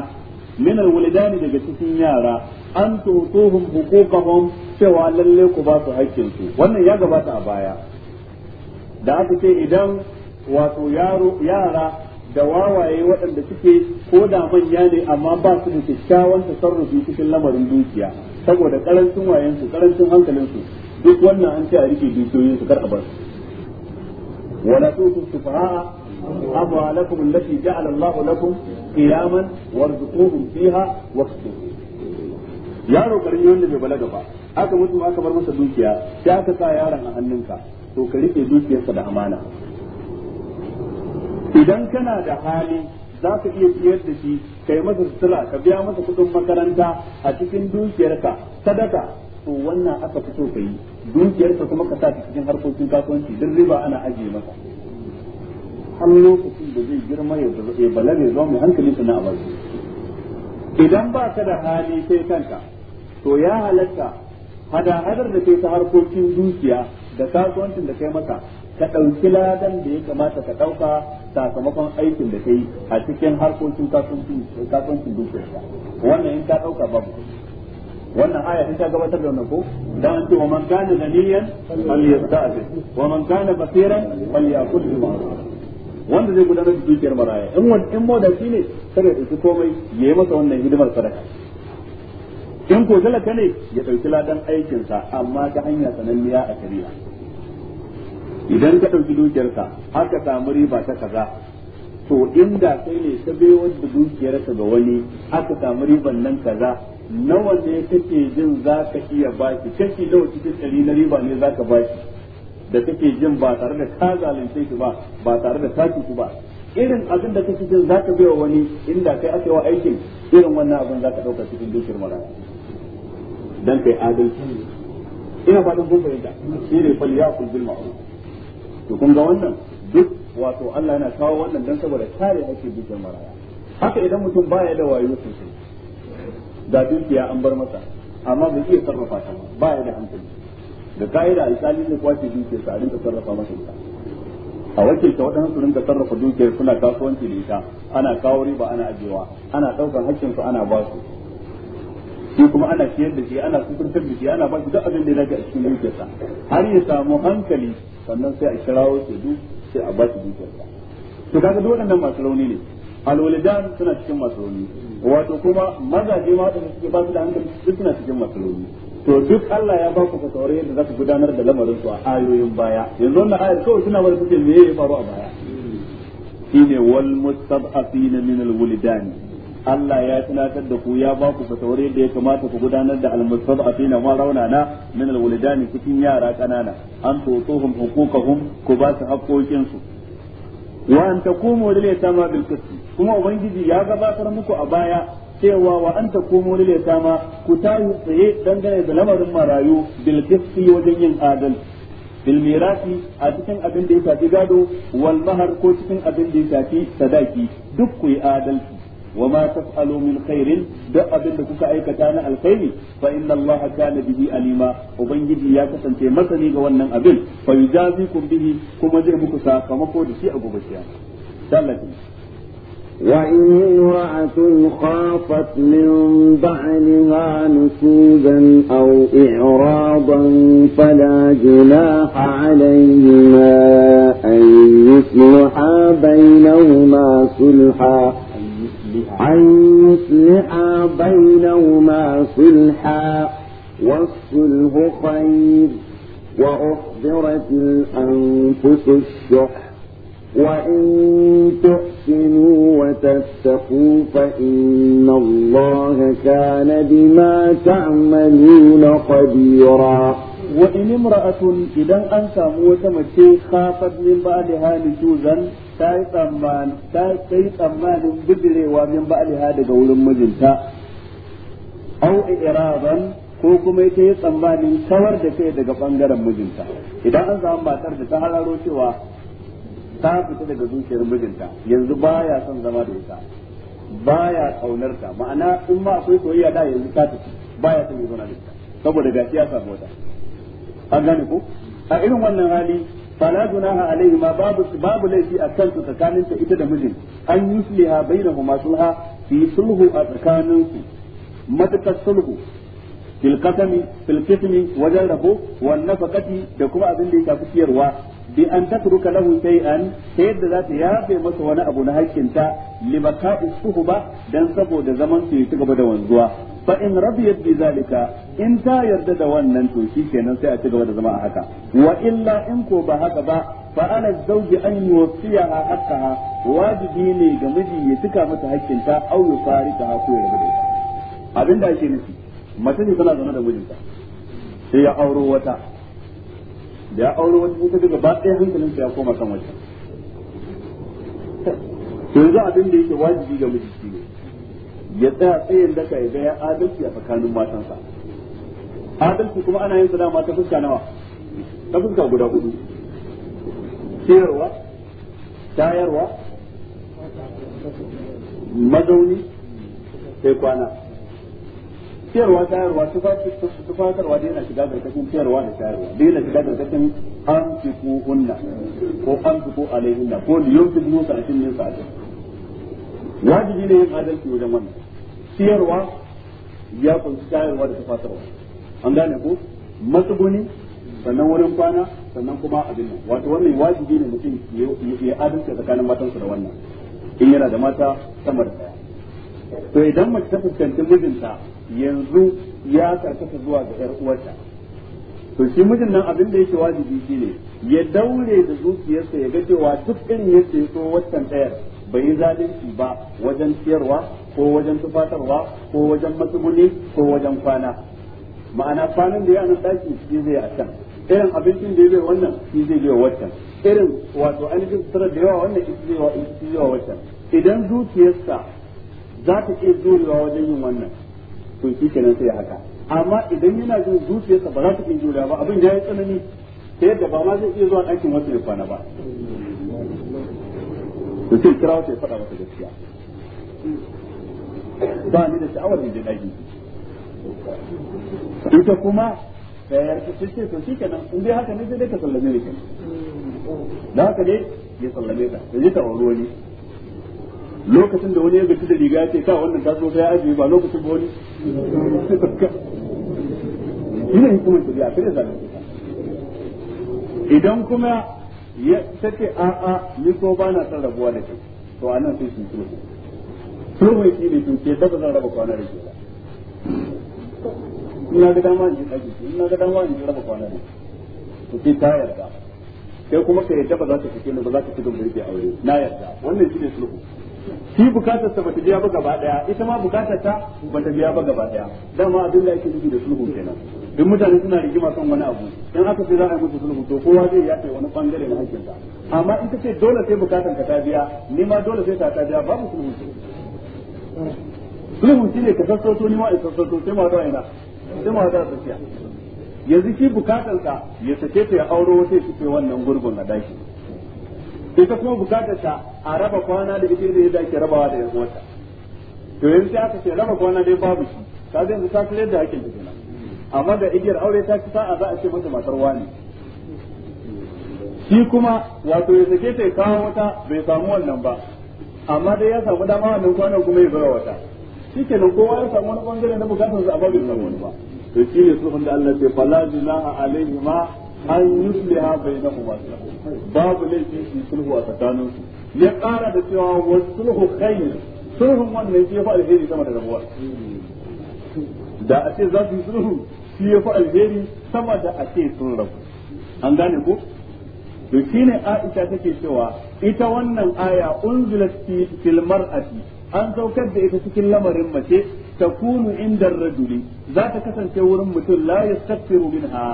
min alwalidani daga cikin yara an tutuhum huquqahum cewa lalle ku ba su haƙƙin su wannan ya gabata a baya da aka ce idan wato yaro yara da wawaye waɗanda suke ko da manya ne amma ba su da kyakkyawan tasarrufi cikin lamarin dukiya saboda karancin wayensu karancin hankalinsu duk wannan an ce a rike dukiyoyin su kar a bar su wala tutu sufara'a amwalakum allati ja'ala Allahu lakum qiyaman warzuquhum fiha waqtu yaro karami wanda bai balaga ba aka mutu aka bar masa dukiya sai aka sa yaron a hannunka to ka rike dukiyarsa da amana idan kana da hali za ka iya siyar da shi kai masa sutura ka biya masa kuɗin makaranta a cikin dukiyarka sadaka to wannan aka fi so kai dukiyarka kuma ka sa ta cikin harkokin kasuwanci duk riba ana ajiye masa har lokacin da zai girma ya balaga ya zama mai hankali sannan a idan ba ka da hali sai kanka to ya halatta hada-hadar da kai ta harkokin dukiya da kasuwancin da kai maka ka ɗauki ladan da ya kamata ka ɗauka sakamakon aikin da kai a cikin harkokin kasuwancin dukiyarka wannan in ka ɗauka babu wannan aya ta ta gabatar da wannan ko da an ce wa man kana ganiyan falyasta'zi wa man kana basiran falyakul bil ma'ruf wanda zai gudanar da dukiyar maraya in wani in moda shi ne kada ya dauki komai ya yi masa wannan hidimar sadaka in ko talaka ne ya dauki ladan aikin sa amma ta hanya sananniya a kariya idan ka dauki ka aka samu riba ta kaza to inda sai ne ta bai wanda ta ga wani aka samu riban nan kaza nawa ne kake jin za ka iya baki kake nawa cikin dari na riba ne za ka baki da kake jin ba tare da ka zalunce ki ba ba tare da ka cutu ba irin abin da kake jin za ka bai wa wani inda kai aka yi wa aikin irin wannan abin za ka dauka cikin dukiyar mara dan kai adalci ina fatan kun fahimta shi ne fal ya kulbil ma'ruf to kun ga wannan duk wato Allah yana kawo wannan dan saboda kare ake dukiyar maraya haka idan mutum baya da wayo sosai da dukiya an bar masa amma bai iya sarrafa ta ba ya da hankali da ka'ida alƙali zai kwace dukiyar sa a rinka sarrafa masa ita a wadannan su rinka sarrafa dukiyar suna kasuwanci da ita ana kawo riba ana ajewa ana daukar hakkin su ana ba su shi kuma ana ciyar da shi ana kukuntar da shi ana ba shi duk abin da ya dace a cikin dukiyarsa har ya samu hankali sannan sai a kirawo shi duk sai a ba su dukiyar to kaga duk waɗannan masu rauni ne alwalidan suna cikin masu rauni wato kuma mazaje ma da suke ba su da hankali duk suna cikin masu rauni to duk Allah ya ba ku fasawar yadda za ku gudanar da lamarin su a ayoyin baya yanzu wannan ayar kawai suna bar suke me ya faru a baya shine wal mustad'afina min alwulidani Allah ya tunatar da ku ya ba ku fatawar yadda ya kamata ku gudanar da almustad'afin ma raunana min alwalidan cikin yara kanana an tutuhum huquqahum ku ba su haƙoƙin wa an takumu lil yatama bil qist kuma ubangiji ya gabatar muku a baya cewa wa an takumu lil sama ku tayi tsaye dangane da lamarin marayu bil wajen yin adal bilmirasi a cikin abin da ya shafi gado wal mahar ko cikin abin da ya shafi sadaki duk ku yi adalci wa ma taf'alu min khairin duk abin da kuka aikata na alkhairi fa inna Allah kana bihi alima ubangiji ya kasance masani ga wannan abin fa yujazikum bihi kuma zai muku sakamako da shi a gobe kiyama sallallahu وإن امرأة خافت من بعلها نشوزا أو إعراضا فلا جناح عليهما أن يصلحا بينهما صلحا أن يصلحا بينهما صلحا والصلح خير وأحضرت الأنفس الشح وإن تحسنوا وتتقوا فإن الله كان بما تعملون خبيرا وإن امرأة إذا أنت موتمت خافت من بعدها نشوزا ta yi tsammanin bijirewa min ba'aliha daga wurin mijinta au iraban ko kuma ita yi tsammanin kawar da kai daga bangaren mijinta idan an samu matar da ta hararo cewa ta fita daga zuciyar mijinta yanzu baya son zama da ita baya kaunarta ma'ana in ma akwai soyayya da yanzu ta tafi baya son ya zauna da ita saboda gashi ya samu wata an gane ko a irin wannan hali fala gunaha alaihi ma babu laifi a kansu tsakanin ta ita da mijin an yi yusliha bainahuma sulha fi sulhu a tsakanin su matakar sulhu fil qasami wajen rabo wan nafaqati da kuma abin da ya shafi ciyarwa bi an tatruka lahu shay'an ta yadda za ta yafe masa wani abu na hakkin ta baqa'i suhba dan saboda zaman su ya ci gaba da wanzuwa fa in radiyat bi zalika in ta yarda da wannan to shikenan sai a ci gaba da zama a haka wa illa in ko ba haka ba fa ana zauji an a haka wajibi ne ga miji ya tuka mata hakkinta au ta ko ya rabu da abinda ake nufi mace ne tana zama da mijinta sai ya auro wata da ya auro wata sai daga ba ɗaya hankalin ya koma kan wata yanzu abin da yake wajibi ga miji ya tsaya tsayin daka ya ga adalci a tsakanin matansa adalci kuma ana yin sadama ta fuska nawa ta fuska guda hudu ciyarwa tayarwa mazauni sai kwana ciyarwa tayarwa tufatarwa da yana shiga karkashin ciyarwa da tayarwa da yana shiga karkashin an fi ko hunna ko an fi ko alaihunna ko da nusa a cikin karshen a cikin wajibi ne yin adalci wajen wannan siyarwa ya kunshi shayarwa da tufatarwa an gane ko matsuguni sannan wurin kwana sannan kuma abin nan wato wannan wajibi ne mutum ya adalci tsakanin matansa da wannan in yana da mata sama da daya to idan mace ta fuskanci mijinta yanzu ya karkata zuwa ga yar uwarta to shi mijin nan abin da yake wajibi shine ya daure da zuciyarsa ya ga cewa duk irin yadda ya so wancan tsayar bai yi zalunci ba wajen ciyarwa ko wajen tufatarwa ko wajen matsuguni ko wajen kwana ma'ana kwanan da ya nan daki shi zai a can irin abincin da ya bai wannan shi zai bai wancan irin wato ainihin sutura da yawa wannan shi zai wa wancan idan zuciyarsa za ta iya jurewa wajen yin wannan to shi kenan sai haka amma idan yana jin zuciyarsa ba za ta iya jurewa ba abin ya yi tsanani ta yadda ba ma zai iya zuwa ɗakin wata ya kwana ba to sai kira wata ya faɗa masa gaskiya ba ni da sha'awar da ɗaki ita kuma da ya ce ce to shikenan in dai haka ne zai ka sallame ne da haka ne ya sallame ka ya ji ta wani wani lokacin da wani ya gaci da riga ya ce ka wannan ta so sai ajiye ba lokacin ba wani ina hukumar shari'a kada zalunci idan kuma ya take a a ni ko ba na san rabuwa da kai to nan sai su sulhu sulhu shi ne tun ke zan raba kwana da ke ba ina ga dama in ji tsaki ina ga dama ne ji raba kwana da to ki ta yarda kai kuma kai yarda ba za ka fike ne ba za ka fito da rike aure na yarda wannan shi ne sulhu shi bukatar ta bata biya ba gaba daya ita ma bukatar ta bata biya ba gaba daya dama abin da ake nufi da sulhu kenan duk mutane suna rigima kan wani abu in aka ce za a yi musu sulhu to kowa zai yafe wani bangare na hakkinsa amma in ta ce dole sai bukatan ka ta biya ni ma dole sai ta ta biya babu sulhu sulhu shine ka sassoto ni ma in sassoto sai ma da ina sai ma da tsakiya yanzu shi ka ya sake ta ya auro wata ya wannan gurgun na daki ita kuma ta a raba kwana da ita da yadda ake rabawa da yan uwarta to yanzu sai aka ce raba kwana dai babu shi ka zai yanzu da hakkin ta kenan amma da igiyar aure ta ci sa'a za a ce mata matar wani shi kuma wato ya sake ta kawo wata bai samu wannan ba amma dai ya samu dama wannan kwanan kuma ya zura wata shi nan kowa ya samu wani bangare na bukatar sa amma bai samu wani ba to shi ne su da Allah ce fala a alaihi ma an yusliha bainahuma babu laifi shi sulhu a tsakanin su ya kara da cewa wa sulhu khair sulhun wannan ke fa alheri sama da rabuwa da a ce za su yi sulhu shi ya fi alheri sama da ake ce sun rabu an gane ko to ne Aisha take cewa ita wannan aya unzilat fil mar'ati an saukar da ita cikin lamarin mace ta kunu inda rajuli za ta kasance wurin mutum la yastaghfiru minha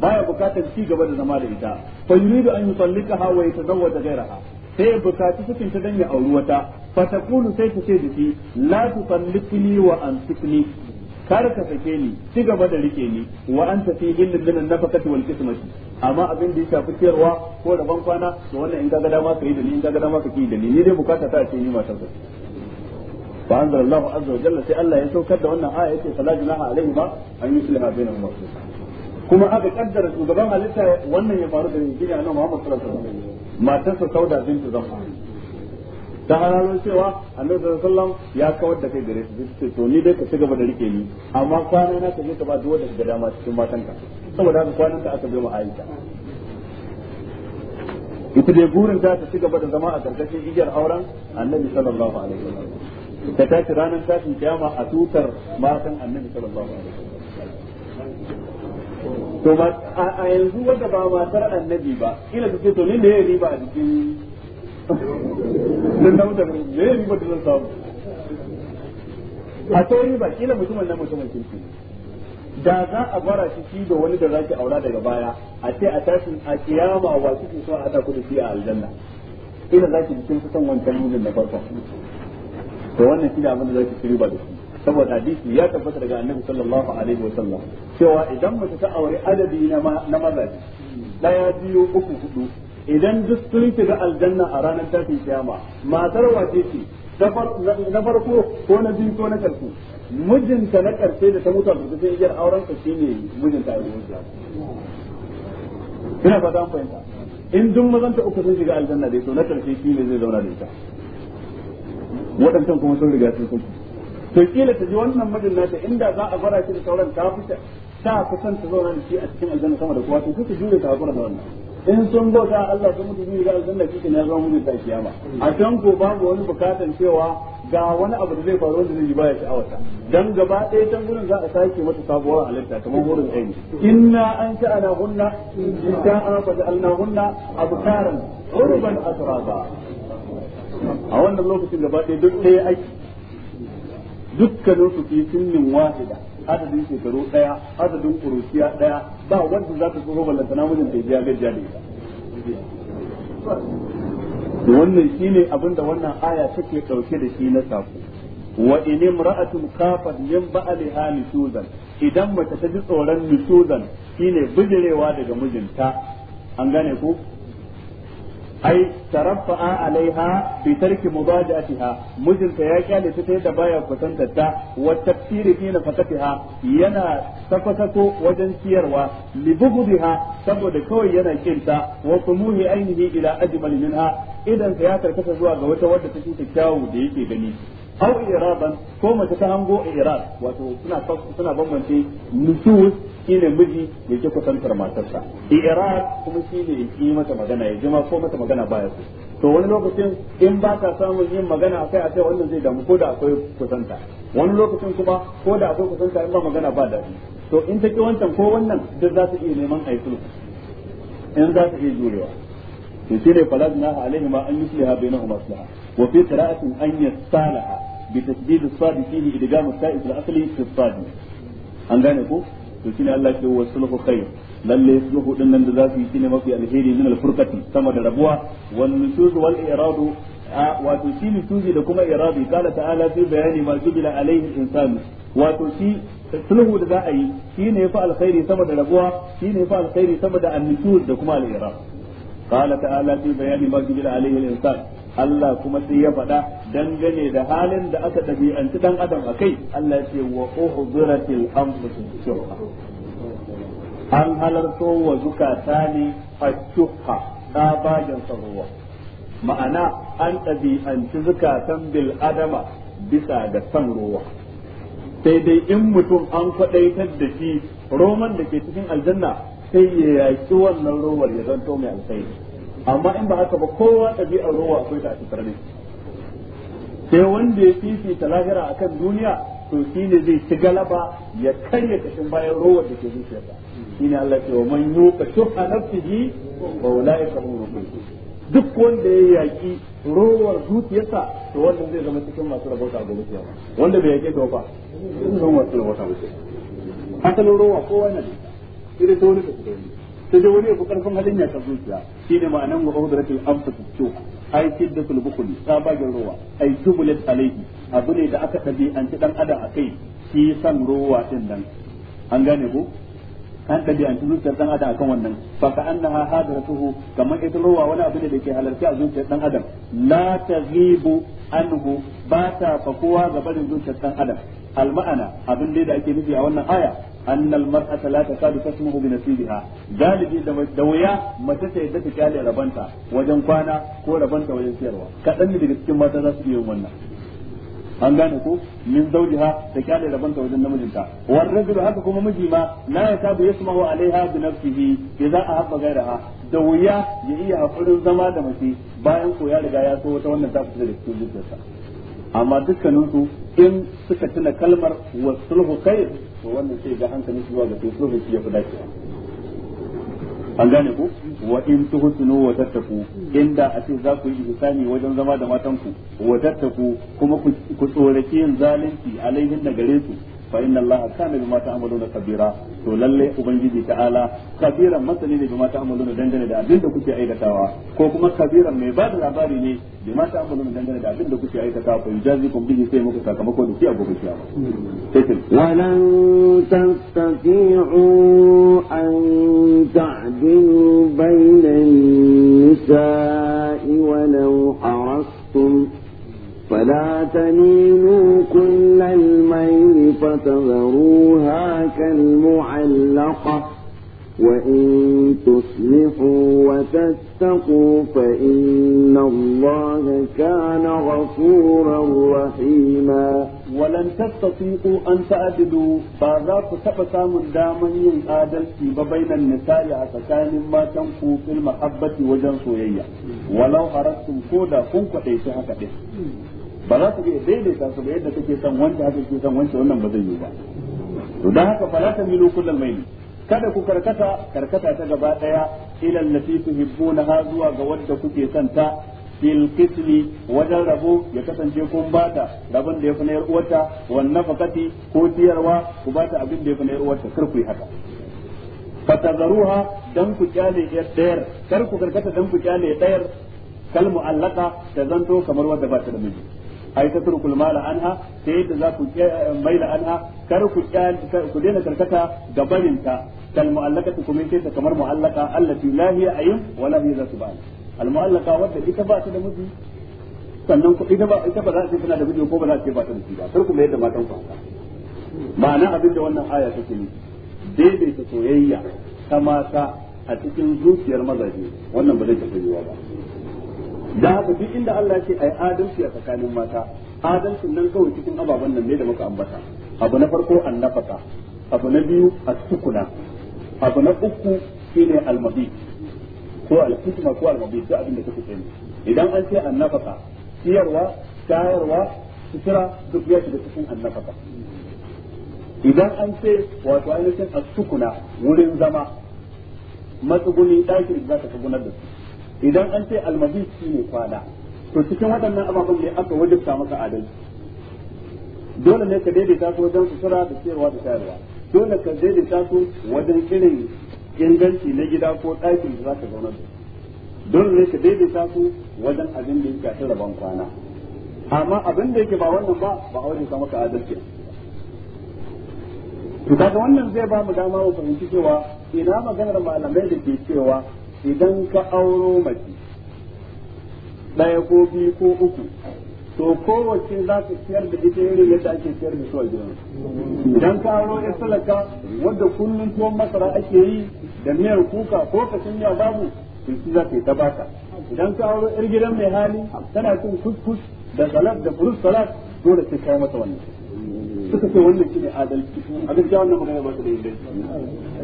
baya bukatar ci gaba da zama da ita fa yuridu an yutallikaha wa yatazawwaja ghayraha sai ya bukaci cikin ta dan ya auri wata fa kunu sai ta ce da shi la tusallikni wa ansikni kar ka sake ni ci gaba da rike ni wa anta fi illin min nafaqati wal qismati amma abin da ya shafi ciyarwa ko ban kwana to wannan in kaga dama kai da ni in kaga dama kake da ni ni dai bukata ta ce ni ma tabbas fa anzal Allah azza wa jalla sai Allah ya saukar da wannan aya yace salatu junaha alaihi ba an yi yusliha bainahum kuma aka kaddara shugaban halitta wannan ya faru da ni ne annabi Muhammad sallallahu alaihi wasallam matarsa Sauda bintu Zam'a ta halalun cewa annabi sallallahu alaihi wasallam ya kawar da kai gare su sai to ni dai ka shiga bada da rike ni amma kwana na ka je ka ba duwa da dama cikin ka saboda haka kwanan ka aka bai mu Aisha ita dai burin ta ta shiga bada da zama a karkashin igiyar auren annabi sallallahu alaihi wasallam ta tashi ranar tashin kiyama a tutar matan annabi sallallahu alaihi wasallam to ba a yanzu wanda ba matar annabi ba kila ta ce to ni ne riba a jikin nan da mutum me ya riba zan samu a ta mutumin nan mutumin kirki da za a bara shi shi da wani da zaki aura daga baya a ce a tashin a kiyama wa kuke so a hada ku da shi a aljanna ina zaki jikin su san wancan mijin na farko to wannan shi ne abin da zaki ci ba da shi saboda hadisi ya tabbata daga annabi sallallahu alaihi wa sallam cewa idan mace ta aure adadi na mazaje daya biyu uku hudu idan duk sun shiga aljanna a ranar tashin kiyama matar wace ce na farko ko na biyu ko na karku mijinta na karshe da ta mutu a cikin igiyar auren ka shine mijinta a cikin islam ina fata an fahimta in duk mazan ta uku sun shiga aljanna dai to na karshe shine zai zauna da ita waɗancan kuma sun riga sun kuku to kila ta ji wannan mijin nata inda za a fara shi da sauran ta fi ta kusan ta zauna da shi a cikin aljanna sama da kowa to kuka jure ta hakura da wannan in sun bauta Allah sun mutu zai zai sun kike ne zama mutu ta kiyama a can ko babu wani bukatan cewa ga wani abu da zai faru wanda zai baya sha'awata. dan gaba ɗaya can gurin za a sake mata sabuwar halitta kamar wurin aini inna an ana hunna in sha'a faɗi ja'alna hunna abkaran urban asraba a wannan lokacin gaba ɗaya duk ɗaya ake dukkanin su fi sunnin wahida adadin shekaru ɗaya, adadin kurusiya ɗaya, ba wanda za ta tsoro ballanta namijin da ya gajiya da ita wannan shine abin da wannan aya take ɗauke da shi na sako wa in imra'atun kafat min ba'liha nusuzan idan mace ta ji tsoron nusuzan shine bijirewa daga mijinta an gane ko ai taraffa'a alaiha fi tarki mubada'atiha mijinta ya kyale ta yadda baya kusantar ta wa tafsiri fi nafaqatiha yana safasako wajen ciyarwa li bughdiha saboda kawai yana kinta wa tumuhi ainihi ila ajmal minha idan ya karkata zuwa ga wata wadda take kyawu da yake gani aw iraban ko mace ta hango irab wato suna suna bambance nusus shine miji ya ji kusantar matarsa irab kuma shine ya yi mata magana ya jima ko mata magana baya su to wani lokacin in ba ka samun yin magana akai akai wannan zai damu ko da akwai kusanta wani lokacin kuma ko da akwai kusanta in ba magana ba daɗi to in ta ki wancan ko wannan duk za su iya neman aikin in za su iya jurewa to shine falazna alaihima an yusliha bainahuma salaha wa fi qira'atin an yasalaha بتسديد الصاد فيه إدغام السائل في الأصل في الصاد أن غانيكو to shine Allah ke wa sulhu khair lalle sulhu din nan da za su yi shine mafi alheri min alfurqati sama da rabuwa wal nusuz wal iradu wato shi nusuzi da kuma iradi kala ta'ala fi bayani ma jibila alaihi insanu wato shi sulhu da za a yi shine yafi alkhairi sama da rabuwa shine yafi sama da da kuma ma insan Allah kuma sai ya faɗa dangane da halin da aka ɗabi'anci ɗan adam a kai Allah ce wa uhdiratil anfusu shuhha an halarto wa zukata ne a shuhha tsabagen tsarwa ma'ana an ɗabi'anci zukatan bil adama bisa da san ruwa sai dai in mutum an kwaɗaitar da shi roman da ke cikin aljanna sai ya yaƙi wannan rowar ya zanto mai alkhairi amma in ba haka ba kowa ɗabi'ar ruwa akwai ta a tattare sai wanda ya ta lahira kan duniya to shi ne zai ci galaba ya karya kashin bayan ruwa da ke ba shi ne Allah ce wa man fiji ba wula ya samu rufin duk wanda ya yaki rowar zuciyarsa to wanda zai zama cikin masu rabauta ga zuciya wanda bai yake to fa sun masu rabauta mutum asalin rowa kowa ne irin ta wani ka fito ne sai dai wani ya fi karfin halin ya zuciya shi ne ma'anan wa udratul anfus tu ai shiddatul ta bagin ruwa ai jubulat alaihi abu ne da aka tabi an ci dan adam akai shi san ruwa din nan an gane ko an tabi an ci zuciyar dan adam akan wannan fa ka annaha hadratuhu kamar ita ruwa wani abu ne da ke halarci a zuciyar dan adam la taghibu anhu ba ta fakuwa ga barin zuciyar dan adam al ma'ana abin da ake nufi a wannan aya أن المرأة لا تكاد تسمه بنصيبها galibi da wuya mace ta yadda ta kyale rabanta wajen kwana ko rabanta wajen siyarwa kaɗan ne daga cikin mata za su iya yin wannan an gane ko min zawjiha ta kyale rabanta wajen namijinta war rajulu haka kuma miji ma la yakadu yasma'u alaiha bi nafsihi idza ahabba ghayraha da wuya ya iya hakurin zama da mace bayan koya ya riga ya so wata wannan ta fita da cikin zuciyarsa amma dukkaninsu in suka tuna kalmar wa kai to wannan sai ga hankali zuwa ga sai sulhu ya fi dace an gane ku wa in tuhsinu wa tattaku inda a ce za ku yi ihsani wajen zama da matanku wa tattaku kuma ku tsoraki yin zalunci alaihin na gare su fa inna Allah kana bima ta'maluna kabira to lalle ubangiji ta'ala kabiran masani ne bima ta'maluna dangane da abin ko kuma kabiran mai bada labari ne bima ta'maluna dangane da abin da kuke aikatawa fa yujazikum bihi sai muku sakamako da shi a gobe kiyama walan tastati'u an فلا تميلوا كل الميل فتذروها كالمعلقة وإن تصلحوا وتتقوا فإن الله كان غفورا رحيما ولن تستطيعوا أن تعدلوا فذاك تبقى من دامن آدل في بين النساء أتكان ما تنكو في المحبة وجنسوية ولو أردتم كودا كنكو حيث ba za su iya daidaita su ba yadda take son wanda haka ke son wanda wannan ba zai yi ba to dan haka ta tamilu kullal mayl kada ku karkata karkata ta gaba daya ila allati tuhibbunaha zuwa ga wanda kuke son ta fil qisli wajen rabo ya kasance kun bata rabin da ya na uwarta wan nafaqati ko tiyarwa ku bata abin da ya na uwarta kar ku yi haka fatazaruha dan ku kyale dayar kar ku karkata dan ku kyale dayar kal mu'allaka ta zanto kamar wanda ba ta da miji ai ta turkul mala anha ta yadda za ku eh, maila anha kar ku ku dena karkata ga barinta kal mu'allaqatu kuma sai kamar mu'allaqa allati la hiya ayyun wa la hiya zatu bal al mu'allaqa wadda ita ba ta da miji sannan ku ita ba ita ba za ta tana da miji ko ba za ta ba ta da miji ba kar ku mai da matan ku ma'ana abin da wannan aya take ne daidaita soyayya ta mata a cikin zuciyar mazaje wannan ba zai tafi yiwa ba da haka duk inda Allah ce ai adalci a tsakanin mata adalcin nan kawai cikin ababen nan ne da muka ambata abu na farko annafaka abu na biyu as tukuna abu na uku shine al-mabi ko al-hikma ko al-mabi duk abin da kake sani idan an ce annafaka ciyarwa tayarwa sutura duk ya shiga cikin annafaka idan an ce wato ainihin as tukuna wurin zama matsuguni ɗakin da za tsugunar da su idan an ce shi ne kwana to cikin waɗannan ababen ne aka wajibta maka adalci dole ne ka daidaita su wajen sutura da cewa da shayarwa dole ka daidaita su wajen irin inganci na gida ko ɗakin da za ka zauna da dole ne ka daidaita su wajen abin da yake a ban kwana amma abin da yake ba wannan ba ba a wajen maka adalci to wannan zai ba mu dama mu fahimci cewa ina maganar malamai da ke cewa idan ka auro mace ɗaya ko biyu ko uku to kowace za ka ciyar da ita irin yadda ake siyar da su a gidan idan ka auro ya salaka wadda kullum tuwon masara ake yi da miyar kuka ko ka ya babu to shi za ka yi ta baka idan ka auro yar gidan mai hali tana cin kuskus da salat da furus salat dole sai ka mata wannan suka ce wannan shine adalci a gaskiya wannan magana ba su da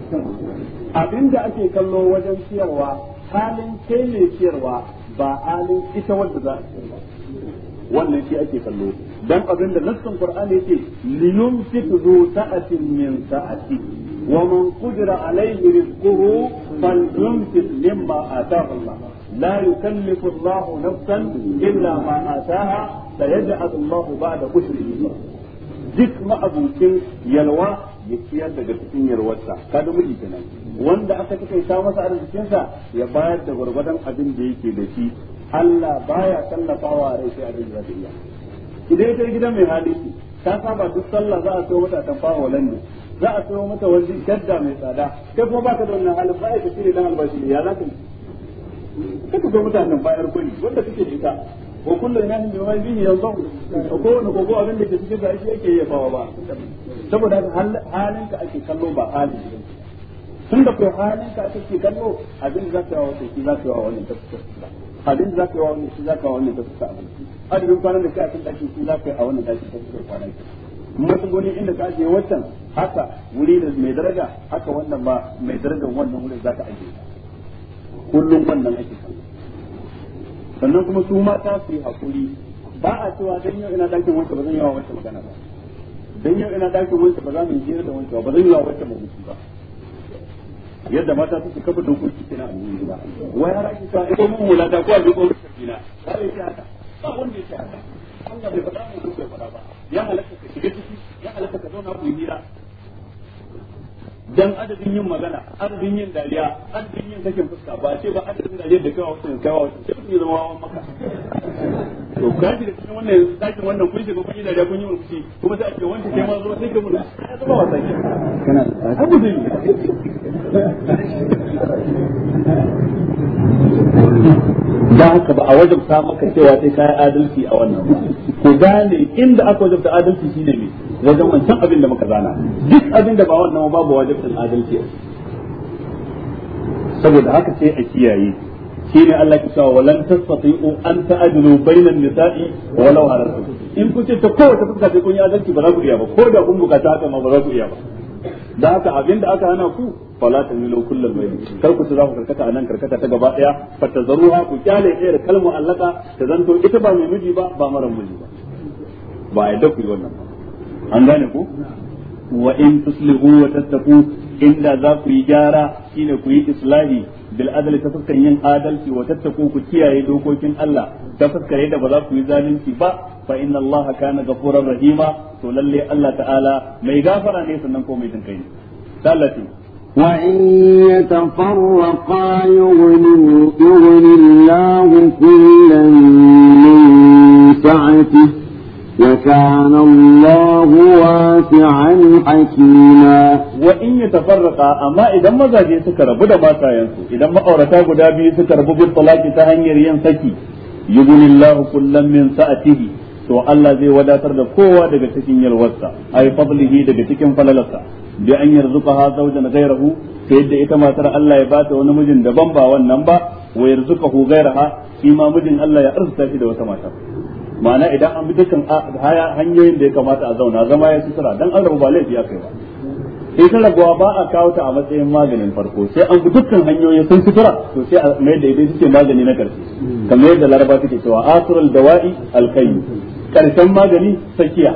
abinda ake kallo wajen ciyarwa halin kai ne ciyarwa ba halin ita wanda za a ciyarwa wannan shi ake kallo dan abinda nassin qur'ani yake liyum fitu sa'atin min sa'ati wa man qudira alayhi rizquhu falyunfiq mimma ataahu Allah la yukallifu Allah nafsan illa ma ataaha sayaj'alu Allah ba'da usri duk ma'abucin yalwa ya ciyar daga cikin yarwarsa da miji kenan wanda aka kake sa masa arzikin sa ya bayar da gwargwadon abin da yake da shi Allah baya tallafawa rai sai abin da zai iya idan ta gidan mai hali ta saba duk sallah za a so mata tamfa ne za a so mata wani gadda mai tsada kai kuma baka da wannan halin baya ka kire dan albashi ya zaka kaka so mutanen bayar kuri wanda kake da ita ko kullum yana mai wani bihi yanzu ko kowane gogo abin da ke cikin da shi yake yi bawa ba saboda halin ka ake kallo ba hali tun da ko halin ka ake kallo abin za ka yi wa shi za ka yi wa wannan tafsir abin da za ka yi wa wannan shi za ka yi wa wannan tafsir abin adadin kwanan da ka cikin ɗakin shi za ka yi a wannan ɗakin tafsir kwanan matsuguni inda ka je wancan haka wuri da mai daraja haka wannan ba mai darajar wannan wurin za ka ajiye kullum wannan ake kallo sannan kuma su mata su yi hakuri ba a cewa dan yau ina dakin wacce ba zan yawa wacce magana ba dan yau ina dakin wacce ba za mu jira da wacce ba zan yawa wacce mu mutu ba yadda mata suke kafa dokoki kina a cikin ba wai har ake cewa idan mun wula da ko a duko na ba zai ta haka ba wanda ya ta haka Allah bai faɗa mu bai faɗa ba ya halaka ka shiga ciki ya halaka ka zauna ku yi hira dan adadin yin magana adadin yin dariya adadin yin sakin fuska ba ce ba adadin dariya da kawo wacin kawo wacin zama wawan maka to ka da cikin wannan dakin wannan kun shiga kun yi dariya kun yi kuma sai a ce wanda kai ma zo sai ka zama wasa kana abu da haka ba a wajabta maka cewa sai kayan adalci a wannan ku gane inda aka wajabta adalci shi ne wajen wancan abin da muka zana duk abin da ba wannan babu wajabtan adalci saboda haka sai a kiyaye shine Allah ke cewa walan tastati'u an ta'dilu bainan nisa'i walau haratu in kun ce ta kowace fuska sai kun yi adalci ba za ku iya ba ko da kun bukata haka ma ba za ku iya ba da haka abin da aka hana ku fala ta milo kullum mai kar ku za ku karkata anan karkata ta gaba daya fata zaruha ku kyale ɗaya da kalmar allaka ta zanto ita ba mai miji ba ba mara miji ba ba yadda ku yi wannan an gane ku wa in tuslihu wa tattaku inda za ku yi gyara shine ku yi islahi bil adali ta fuskar yin adalci wa tattaku ku kiyaye dokokin Allah ta fuskar yadda ba za ku yi zalunci ba fa inna Allah kana ghafurar rahima to lalle Allah ta'ala mai gafara ne sannan ko mai jinkai ne sallati wa in yatafarraqa yughni yughni Allah kullan min sa'atihi وكان الله واسعا حكيما وإن يتفرقا أما إذا ما زاجي سكر بدا ما ساينسو إذا ما أورتا قدا بي سكر بالطلاق تهنير ينسكي يقول الله كل من سأته to Allah zai wadatar da kowa daga cikin yalwarsa ay fadlihi daga cikin falalarsa bi an ha zawjan ghayrahu ta yadda ita matar Allah ya bata wani mijin daban ba wannan ba wa yarzuqahu ghayraha shi ma mijin Allah ya arzuta shi da wata matar. ma'ana idan an bi dukkan hanyoyin da ya kamata a zauna zama ya sutura dan an rabu ba laifi kai ba rabuwa ba a kawo ta a matsayin maganin farko sai an bi dukkan hanyoyin sun sutura to sai a mai da idan suke magani na karshe kamar yadda laraba take cewa asrul dawa'i alkayyu karshen magani sakiya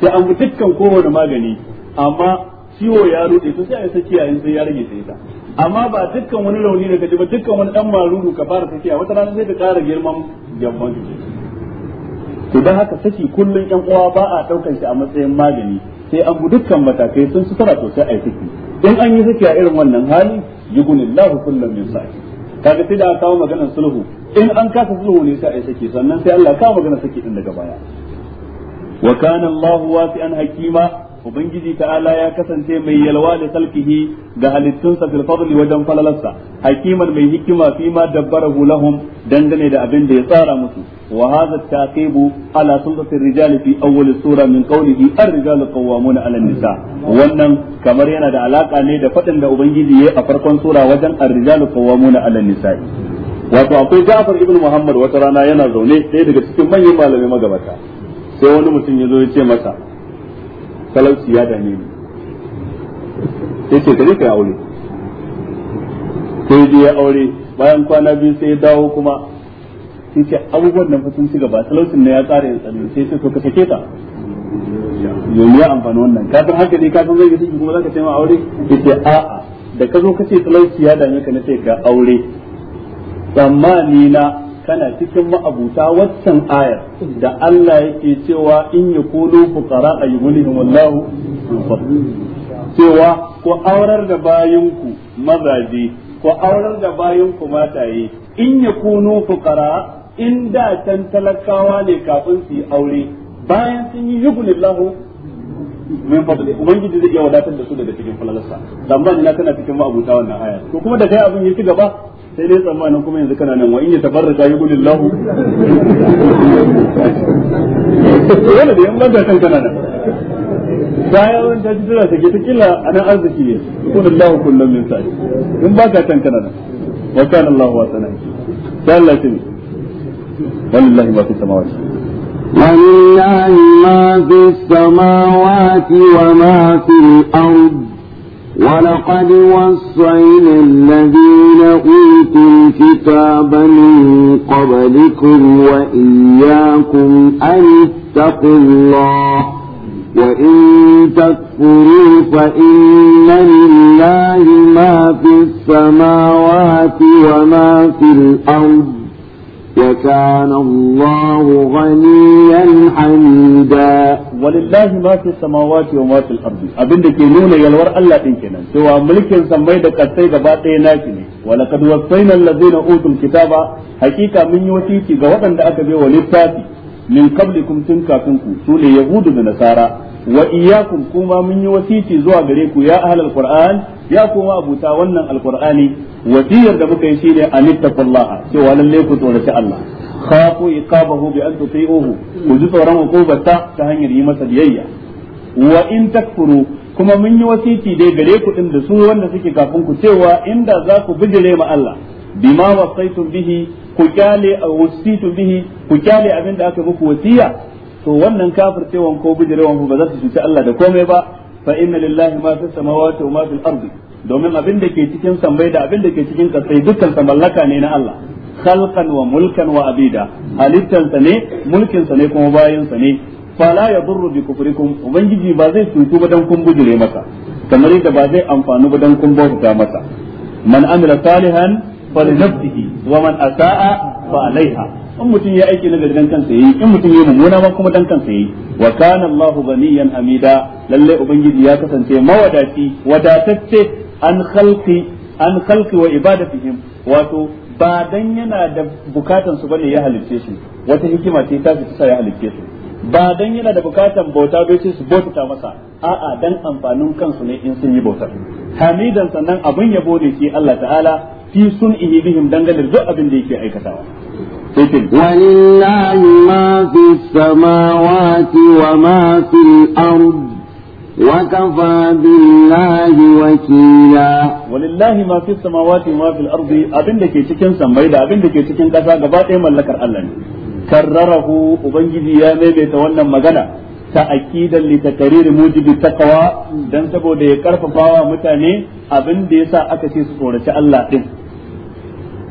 sai an bi dukkan kowane magani amma ciwo ya rude to sai a sakiya in sai ya rage sai ta amma ba dukkan wani rauni da kaji ba dukkan wani dan maruru ka fara sakiya wata rana sai ka kara girman gyambon jiki to dan haka saki kullun yan uwa ba a daukar shi a matsayin magani sai an bi dukkan matakai sun sutura to sai ai saki in an yi saki a irin wannan hali yugunillahu kullum min sa'i kaga sai da aka kawo maganar sulhu in an kasa sulhu ne sai ai saki sannan sai Allah ya kawo maganar saki din daga baya wa kana Allahu wasi'an hakima ubangiji ta'ala ya kasance mai yalwa da salkihi ga halittunsa fil fadli wajen falalarsa hakiman mai hikima fi ma dabbarahu lahum dangane da abin da ya tsara musu wa hadha taqibu ala sultati rijal fi awwal sura min qawlihi ar rijal qawwamun 'ala nisa wannan kamar yana da alaka ne da fadin da ubangiji ya a farkon sura wajen ar rijal qawwamun 'ala nisa wato akwai Ja'far ibn Muhammad wata rana yana zaune ɗaya daga cikin manyan malamai magabata sai wani mutum ya zo ya ce masa talauci ya dame ni sai ce gari kai aure sai dai ya aure bayan kwana biyu sai ya dawo kuma sai ce abubuwan nan fa sun ci gaba talaucin na ya tsara ya tsanani sai sai so ka sake ta yau ya amfani wannan ka san haka ne ka san zai yi kuma zaka ce ma aure a a da ka zo ka ce talauci ya dame ka na sai ka aure tsammani na kana cikin ma'abuta waccan ayar da Allah yake cewa in ya yakunu fuqara ayyuhum wallahu cewa ku aurar da bayanku mazaje ku aurar da bayanku mataye in ya kuno fuqara in da can talakawa ne kafin su yi aure bayan sun yi yughnillahu min fadli ubangiji zai iya wadatar da su daga cikin falalarsa dan ban na kana cikin ma'abuta wannan aya to kuma da kai abin ya ci gaba sai dai tsammanin kuma yanzu kana nan wa in ya tabarraka yi gudun lahu wanda da yan banta kan kana nan bayan ta ji tura take ta kila a nan arziki ne gudun lahu kullum min sa'i in ba ka kan kana nan wa kana lahu wa sana ta Allah shi wallahi ba su samawati ولله ما في السماوات وما في الأرض ولقد وصينا الذين أوتوا الكتاب من قبلكم وإياكم أن اتقوا الله وإن تكفروا فإن لله ما في السماوات وما في الأرض وكان الله غنيا حميدا walillahi masu fi samawati wa ma fil abinda ke nuna yalwar Allah din kenan cewa mulkin sammai da kasai ba ɗaya naki ne wa laqad wasayna allazina utul kitaba hakika mun yi wasiki ga waɗanda aka bai wa littafi min qablikum tun kafin ku su ne yahudu da nasara wa iyyakum kuma mun yi wasiki zuwa gare ku ya ahlal qur'an ya kuma abuta wannan alqur'ani wasiyar da muka yi shine anittaqullaha cewa lalle ku tsoraci Allah khafu iqabahu bi an tuti'uhu ku ji tsoron hukubarta ta hanyar yi masa biyayya wa in takfuru kuma mun yi wasiti dai gare ku din da su wanda suke kafin ku cewa inda za ku bijire ma Allah bima wasaitum bihi ku kyale wasitu bihi ku kyale abin da aka muku wasiya to wannan cewa ko bijirewan ba za su cuci Allah da komai ba fa inna lillahi ma fis samawati wa ma fil ardi domin abin da ke cikin sambai da abin da ke cikin kasai dukkan sa mallaka ne na Allah khalqan wa mulkan wa abida halittan sa ne mulkin sa ne kuma bayan sa ne fala yadurru bi kufrikum ubangiji ba zai cutu ba dan kun bujure masa kamar yadda ba zai amfanu ba dan kun bauta masa man amila salihan falinafsihi wa man asaa fa alaiha in mutum ya aiki na dan kansa yayi in mutum ya mummuna ma kuma dan kansa yayi wa kana Allahu ganiyan amida lalle ubangiji ya kasance mawadaci wadatacce an khalqi an khalqi wa ibadatihim wato ba dan yana da bukatan su bane ya halicce su wata hikima ce ta sa ya halicce su ba dan yana da bukatan bauta bai ce su bauta masa a'a dan amfanin kansu ne in sun yi bautar hamidan sannan abin yabo ne shi Allah ta'ala fi ihi bihim dangane duk abin da yake aikatawa ma fi samawati wa ma fil وكفى بالله وكيلا ولله ما في السماوات وما في الارض da ke cikin sammai da abin da ke cikin kasa gaba ɗaya mallakar Allah ne karrarahu ubangiji ya maimaita wannan magana ta aqidan li takrir mujibi taqwa dan saboda ya karfafawa mutane abin da yasa aka ce su tsorace Allah din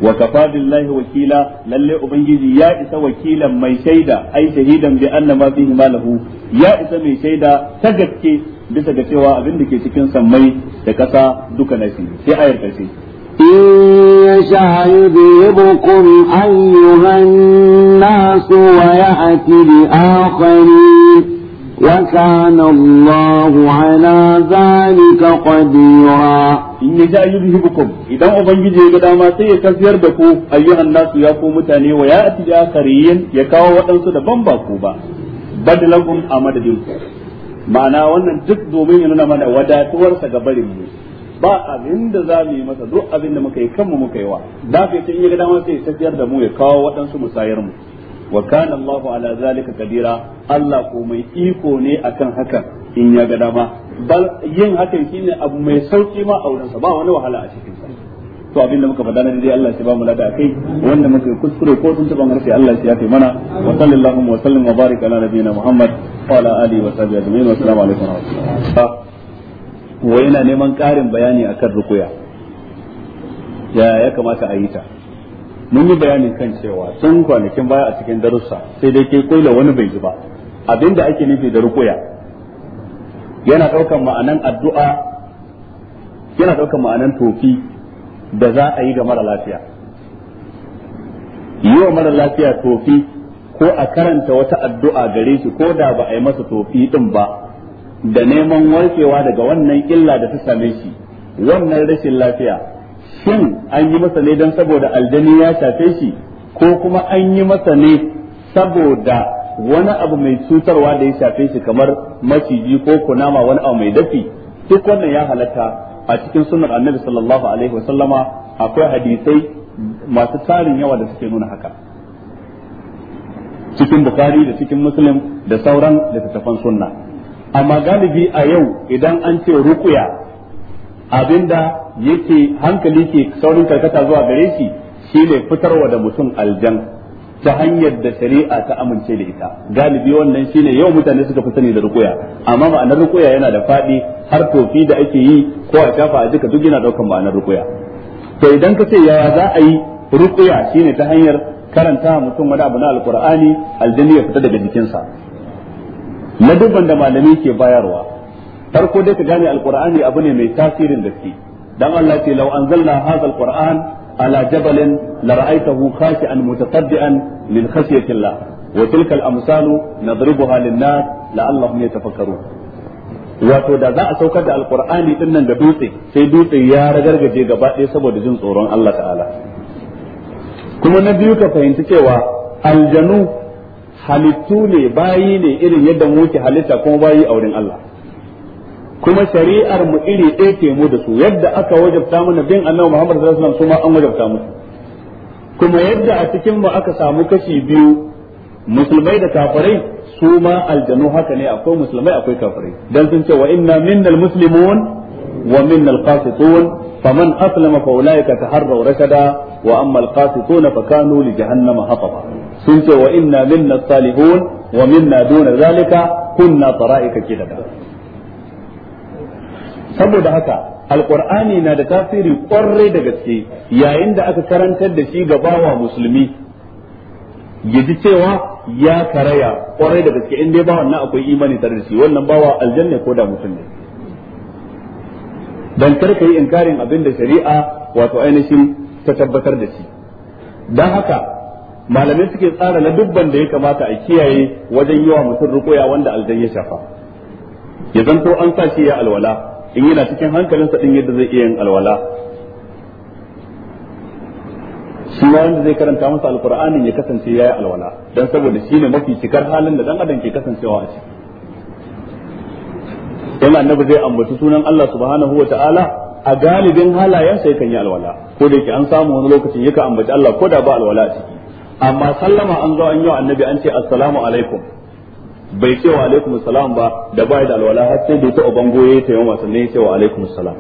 wa kafa billahi wakila lalle ubangiji ya isa wakilan mai shaida ai shahidan bi anna ma malahu ya isa mai shaida ta gaske bisa ga cewa abin da ke cikin sammai da ƙasa duka na shi sai ayar ƙarshe يشاء يذهبكم أيها الناس ويأتي ya وكان الله على ذلك قديرا إن يشاء يذهبكم إذا أبنجي إذا ما سيكفر بكو أيها الناس يقوم تاني ويأتي بآخرين يكاو وأنسو دبنباكو با بدلكم أمددكم ma'ana wannan duk domin ya nuna mana wadatuwarsa ga barin mu ba abin da za mu yi masa duk abin da muka yi kanmu muka yi wa da bai ya ga dama sai tafiyar da mu ya kawo waɗansu musayar mu wa kana Allahu ala zalika kadira Allah ko mai iko ne akan haka in ya ga dama bal yin hakan shine abu mai sauki ma a wurinsa ba wani wahala a cikin sa to abin da muka faɗa na dai Allah ya ba mu lada kai wanda muka kuskure ko tun tuban harshe Allah ya kai mana wa sallallahu wa sallam wa barik ala nabiyina Muhammad وعلى آله وصحبه أجمعين والسلام عليكم ورحمة الله وينا نيمان قارن بياني أكد mun yi bayanin kan cewa tun kwanakin baya a cikin darussa sai dai ke koila wani bai ji ba abinda ake nufi da rukuya yana ɗaukan ma'anan addu'a yana ɗaukan ma'anan tofi da za a yi ga mara lafiya yi wa mara lafiya tofi ko a karanta wata addu'a gare shi ko da ba a yi masa tofi din ba da neman warkewa daga wannan illa da ta same shi wannan rashin lafiya shin an yi masa ne don saboda aljani ya shafe shi ko kuma an yi masa ne saboda wani abu mai cutarwa da ya shafe shi kamar maciji ko kunama wani abu mai dafi duk wannan ya halatta a cikin sunan annabi sallallahu alaihi wasallama akwai hadisai masu tarin yawa da suke nuna haka cikin bukari da cikin muslim da sauran littattafan sunna amma galibi a yau idan an ce rukuya abinda yake hankali ke saurin karkata zuwa gare shi shine fitarwa da mutum aljan ta hanyar da shari'a ta amince da ita galibi wannan shine yau mutane suka fi sani da rukuya amma ma'anar rukuya yana da faɗi har tofi da ake yi ko a shafa a jika duk yana daukan ma'anar rukuya to idan ka ce yaya za a yi rukuya shine ta hanyar karanta mutum wani abu na alkur'ani aljanni ya fita daga jikinsa dubban da malami ke bayarwa farko dai ka gane alkur'ani abu ne mai tasirin gaske dan Allah ce law anzalna hadha alquran ala jabalin lara'aytahu khashi'an mutasaddian min khashyati Allah wa tilka al-amsalu nadribuha lin-nas la'allahum yatafakkarun wato da za a saukar da alkur'ani din nan ga dutse sai dutse ya ragargaje gaba ɗaya saboda jin tsoron Allah ta'ala kuma na biyu ka fahimci cewa aljanu halittu ne bayi ne irin yadda mu ke halitta kuma bayi a wurin Allah kuma shari'ar mu iri ɗaya ce mu da su yadda aka wajabta mana bin annabi Muhammad sallallahu alaihi wasallam su an wajabta musu kuma yadda a cikin mu aka samu kashi biyu musulmai da kafirai su ma aljanu haka ne akwai musulmai akwai kafirai dan sun ce wa inna minnal muslimun wa minnal qasitun faman aslama fa ulaika taharraw rashada wa amma alqasitun fa kanu li jahannama hataba sun ce wa inna minna salihun wa minna duna zalika kunna tara'ika kidada saboda haka Alƙur'ani na da tasiri kwarai da gaske yayin da aka karantar da shi ga bawa musulmi ya ji cewa ya karaya ƙwarai da gaske in dai bawan na akwai imani tare da wannan bawa aljanna ko da mutum ne dan kar yi inkarin abin da shari'a wato ainihin ta tabbatar da shi dan haka malamai suke tsara na dubban da ya kamata a kiyaye wajen yi wa mutum rukuya wanda aljan ya shafa ya zanto an sa shi ya alwala in yana cikin hankalin sa din yadda zai iya yin alwala shi wanda zai karanta masa alqur'ani ya kasance yayi alwala dan saboda shine mafi cikar halin da dan adam ke kasancewa a ciki don annabi zai ambaci sunan Allah subhanahu wa ta'ala a galibin halayen sai kan yi alwala ko da yake an samu wani lokacin yaka ambaci Allah ko da ba alwala a ciki amma sallama an zo an yi annabi an ce assalamu alaikum bai ce wa alaikum assalam ba da bai da alwala har sai da ta bango yayi ta yawan sannan ya ce wa alaikum assalam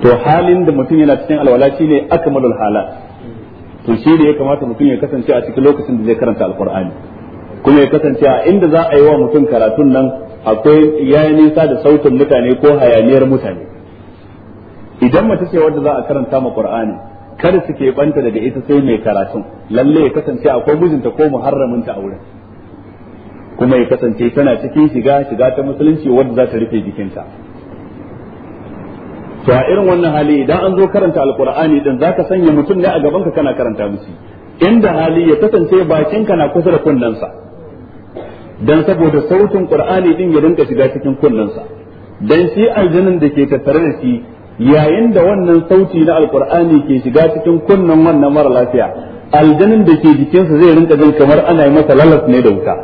to halin da mutum yana cikin alwala shine akmalul halat to shi ne ya kamata mutum ya kasance a cikin lokacin da zai karanta alqur'ani kuma ya kasance a inda za a yi wa mutum karatun nan akwai ya nisa da sautin mutane ko hayaniyar mutane idan mace ce wadda za a karanta ma qur'ani kada su ke banta daga ita sai mai karatun lalle ya kasance akwai mijinta ko muharraminta a wurin kuma ya kasance tana cikin shiga shiga ta musulunci wadda za ta rufe jikinta to a irin wannan hali idan an zo karanta alqur'ani din zaka sanya mutum ne a gaban ka kana karanta musu inda hali ya kasance bakinka na kusa da kunnensa dan saboda sautin qur'ani din ya rinka shiga cikin kunnensa dan shi aljinin da ke tattare da shi yayin da wannan sauti na alqur'ani ke shiga cikin kunnen wannan mara lafiya aljinin da ke jikinsa zai rinka jin kamar ana yi masa lalas ne da wuta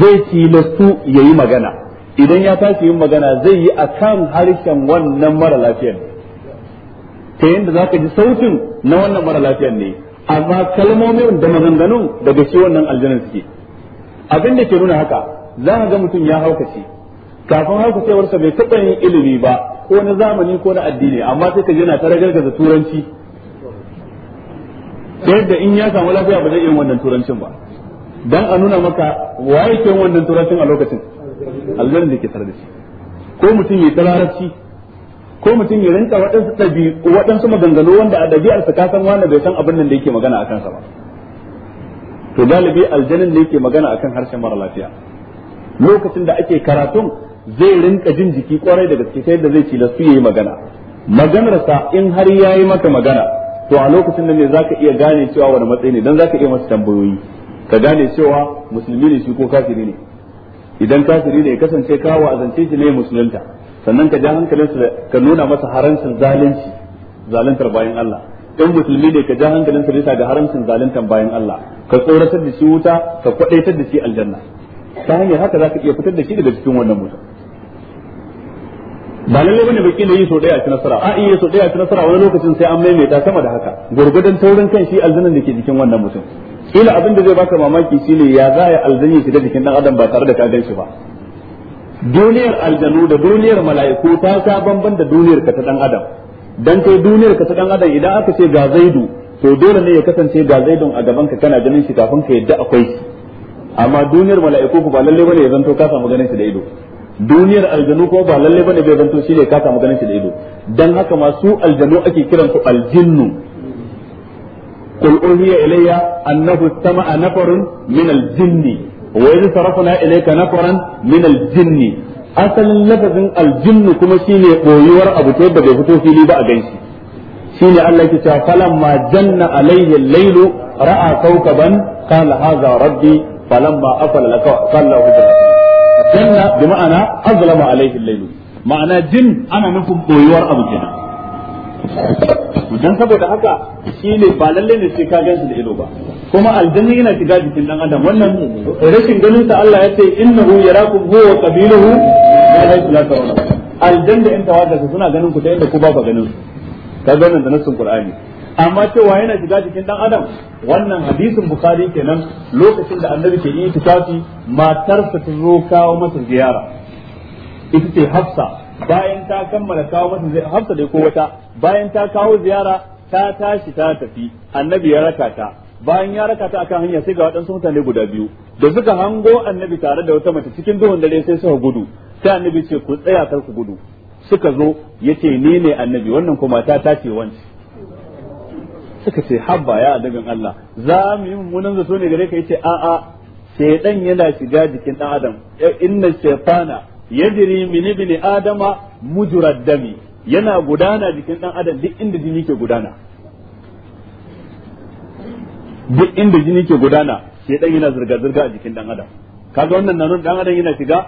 zai tilastu yayi magana idan ya tashi yin magana zai yi akan harshen wannan mara lafiyar ta yadda za ka ji sautin na wannan mara lafiyar ne amma kalmomin da maganganun daga shi wannan aljanar suke abin da ke nuna haka za a ga mutum ya haukace kafin haukacewarsa bai taɓa yin ilimi ba ko na zamani ko na addini amma sai ka yana ta ragargaza turanci yadda in ya samu lafiya ba zai yin wannan turancin ba dan a nuna maka waye ke wannan turancin a lokacin aljanar da ke tare da shi ko mutum ya ta larabci ko mutum ya rinka waɗansu ɗabi'u waɗansu maganganu wanda a ɗabi'arsa ka san wanda bai san abin nan da yake magana akan sa ba to galibi aljanin da yake magana akan harshen mara lafiya lokacin da ake karatun zai rinka jin jiki kwarai da gaske sai da zai ci lasu yayi magana maganarsa in har yayi maka magana to a lokacin nan ne zaka iya gane cewa wani matsayi ne dan zaka iya masa tambayoyi ka gane cewa musulmi ne shi ko kafiri ne idan kafiri ne ya kasance ka wa'azance shi ne musulunta sannan ka ja hankalinsu ka nuna masa haramcin zalunci zaluntar bayan Allah in musulmi ne ka ja hankalinsu bisa ga haramcin zaluntar bayan Allah ka tsoratar da shi wuta ka kwadaitar da shi aljanna ta hanyar haka za ka iya fitar da shi daga cikin wannan wuta ba lalle bane baki ne yi so daya ci nasara a iya so daya ci nasara wani lokacin sai an maimaita sama da haka gurgudan taurin kan shi aljannan da ke jikin wannan mutum kila abin da zai baka mamaki shine ya za ya shi da jikin dan adam ba tare da ka gan shi ba duniyar aljanu da duniyar mala'iku ta sa bamban da duniyar ka ta dan adam dan kai duniyar ka ta dan adam idan aka ce ga zaidu to dole ne ya kasance ga zaidun a gaban ka kana ganin shi kafin ka yadda akwai shi amma duniyar mala'iku ba lalle bane ya zanto ka samu ganin shi da ido duniyar aljanu ko ba lalle bane bai zanto shi ne ka samu ganin shi da ido dan haka ma su aljanu ake kiran su aljinnu qul uhiya ilayya annahu sama'a nafarun min aljinni wa idh sarafna ilayka nafaran min al asalin lafazin al kuma shine boyuwar abu ta yadda bai fito fili ba a ganshi shine Allah yake cewa falamma janna alayhi al-lailu ra'a kawkaban qala hadha rabbi falamma afala laka qala janna bi ma'ana azlama alayhi al-lailu ma'ana jin ana nufin boyuwar abu kenan saboda haka ba ne sai ka ganshi da ido ba kuma aljanna yana shiga jikin dan adam wannan rashin ganin sa Allah ya ce innahu yarakum huwa qabiluhu la ilaha illa huwa aljanna in tawadda suna ganin ku ta inda ku ba ku ganin su ka da da nassin qur'ani amma cewa yana shiga jikin dan adam wannan hadisin bukhari kenan lokacin da annabi ke yi tafi matarsa ta zo kawo masa ziyara ita ce hafsa bayan ta kammala kawo masa ziyara hafsa dai ko wata bayan ta kawo ziyara ta tashi ta tafi annabi ya raka ta bayan ya raka ta akan hanya sai ga waɗansu mutane guda biyu da suka hango annabi tare da wata mace cikin duhun dare sai suka gudu sai annabi ce ku tsaya kar ku gudu suka zo yace ni ne annabi wannan kuma ta tace ce wanci suka ce habba ya annabin Allah za mu yi mummunan zato ne gare ka yace a a shaydan yana shiga jikin dan adam inna shaytana yajri min ibni adama mujraddami yana gudana jikin dan adam duk inda jini ke gudana duk inda jini ke gudana shedan yana zirga zirga a jikin dan adam kaga wannan nanon dan adam yana shiga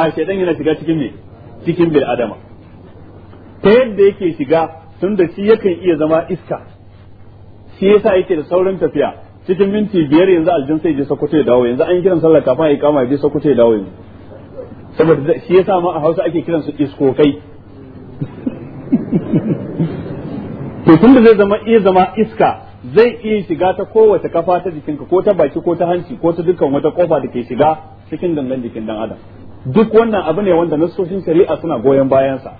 a shedan yana shiga cikin me cikin bil adama ta yadda yake shiga tun da shi yakan iya zama iska shi yasa yake da saurin tafiya cikin minti biyar yanzu aljin sai je sokoto ya dawo yanzu an yi kiran sallah kafin a kama ya je sokoto ya dawo yanzu saboda shi yasa ma a hausa ake kiransu iskokai to tun da zai zama iya zama iska zai iya shiga ta kowace kafa ta jikinka ko ta baki ko ta hanci ko ta dukkan wata kofa da ke shiga cikin gangan jikin dan adam duk wannan abu ne wanda nassoshin shari'a suna goyon bayansa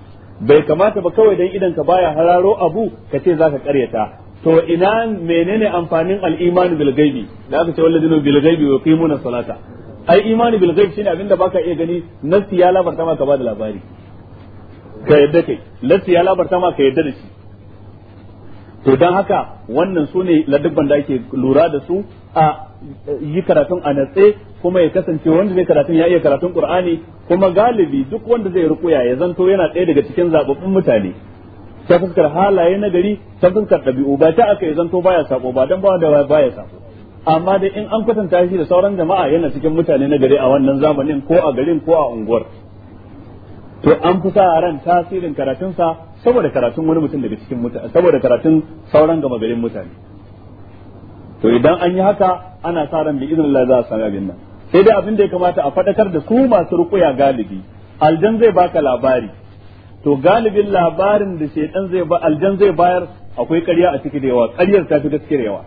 bai kamata ba kawai dan idan ka baya hararo abu ka ce zaka karyata to ina menene amfanin al-iman bil ghaibi da aka ce walladina bil ghaibi wa qimuna salata ai imani bil ghaibi shine abinda baka iya gani nassi ya labarta maka ba da labari ka yadda kai nassi ya labarta maka yadda da shi to dan haka wannan su ne ladabban da ake lura da su a yi karatun a natse kuma ya kasance wanda zai karatun ya iya karatun qur'ani kuma galibi duk wanda zai rukuya ya zanto yana ɗaya daga cikin zababbun mutane ta fuskar halaye na gari ta fuskar ɗabi'u ba ta aka ya zanto baya sako ba dan ba da baya sako amma dai in an kwatanta shi da sauran jama'a yana cikin mutane na gari a wannan zamanin ko a garin ko a unguwar to an fi sa ran tasirin karatunsa saboda karatun wani mutum daga cikin mutane saboda karatun sauran gama garin mutane to idan an yi haka ana sa ran bi iznillah za a sami abin nan sai dai abin da ya kamata a faɗakar da su masu rukuya galibi aljan zai baka labari to galibin labarin da shaitan zai ba aljan zai bayar akwai ƙarya a ciki da yawa ƙaryar ta fi gaskiyar yawa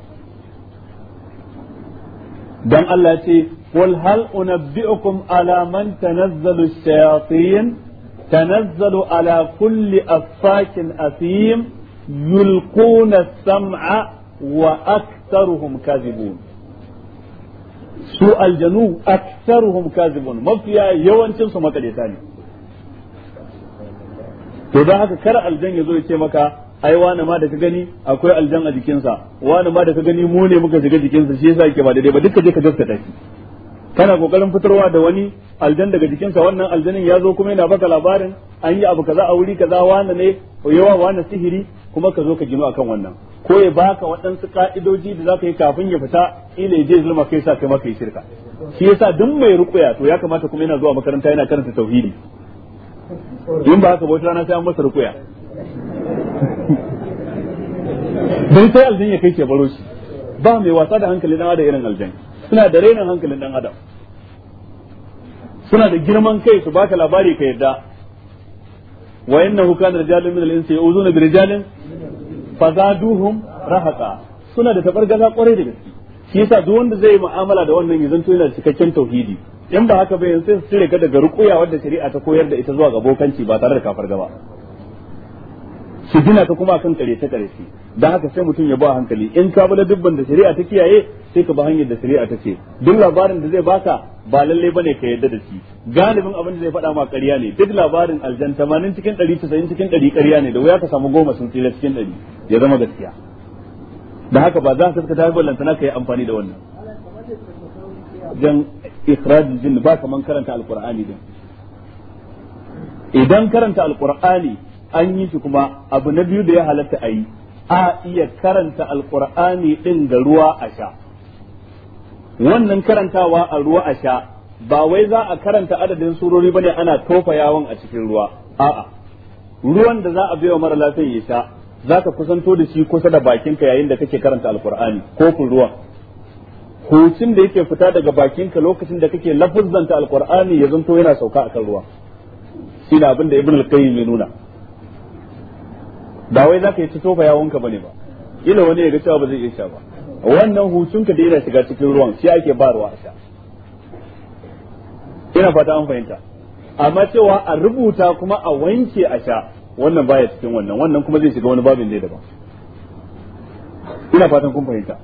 dan Allah ce wal hal unabbi'ukum ala man tanazzalu shayatin tanazzalu ala kulli affakin asim yulquna as-sam'a wa aktharuhum kadhibun su aljanu aktharuhum kadhibun mafiya yawancin su makareta ne to don haka kar aljan ya zo ya ce maka ai ma da ka gani akwai aljan a jikinsa wani ma da ka gani mu ne muka shiga jikinsa shi yasa yake ba daidai ba duka je ka gaskata shi kana kokarin fitarwa da wani aljan daga jikinsa wannan aljanin ya zo kuma yana baka labarin an yi abu kaza a wuri kaza wani ne yawa wani sihiri kuma ka zo ka gino akan wannan ko ya baka waɗansu ka'idoji da zaka yi kafin ya fita ila ya je zulma kai sa kai maka yi shirka shi yasa duk mai rukuya to ya kamata kuma yana zuwa makaranta yana karanta tauhidi in ba haka bauta rana sai an masa rukuya dan sai aljan ya kai ke baro shi ba mai wasa da hankali dan da irin aljan suna da rainin hankalin dan adam suna da girman kai su baka labari ka yarda wa hu kana rijalun min al-insi yu'zuna bi rijalin fazaduhum rahaqa suna da tabargaza kwarai da gaske shi yasa duk wanda zai mu'amala da wannan yanzu yana da cikakken tauhidi in ba haka ba yanzu sai su cire ka daga ruquya wadda shari'a ta koyar da ita zuwa ga bokanci ba tare da kafar gaba su gina ta kuma kan kare ta kare shi don haka sai mutum ya ba hankali in ka bula dubban da shari'a ta kiyaye sai ka ba hanyar da shari'a ta ce duk labarin da zai baka ba lalle ne ka yadda da shi galibin abin da zai faɗa ma ƙarya ne duk labarin aljan 80 cikin 100 cikin 100 ƙarya ne da wuya ka samu goma sun tsira cikin 100 ya zama gaskiya da haka ba za ka ta haifar lantana ka yi amfani da wannan dan ikhrajul jinn ba kaman karanta alqur'ani din idan karanta alqur'ani an yi shi kuma abu na biyu da ya halatta a yi a iya karanta alkur'ani din da ruwa a sha wannan karantawa a ruwa a sha ba wai za a karanta adadin surori ba ne ana tofa yawon a cikin ruwa a'a ruwan da za a biya mara lafiya ya sha za ka kusanto da shi kusa da bakinka yayin da kake karanta alkur'ani kofin ruwa. hucin da yake fita daga bakinka lokacin da kake lafuzanta alkur'ani ya zanto yana sauka akan ruwa shi abin da ibn al-qayyim ya nuna ba wai zaka yi ta tofa yawonka bane ba ila wani ya ga cewa ba zai iya sha ba wannan hutunka da yana shiga cikin ruwan shi ake ba ruwa a sha ina fata an fahimta amma cewa a rubuta kuma a wanke a sha wannan baya cikin wannan wannan kuma zai shiga wani babin ne daban ina fatan kun fahimta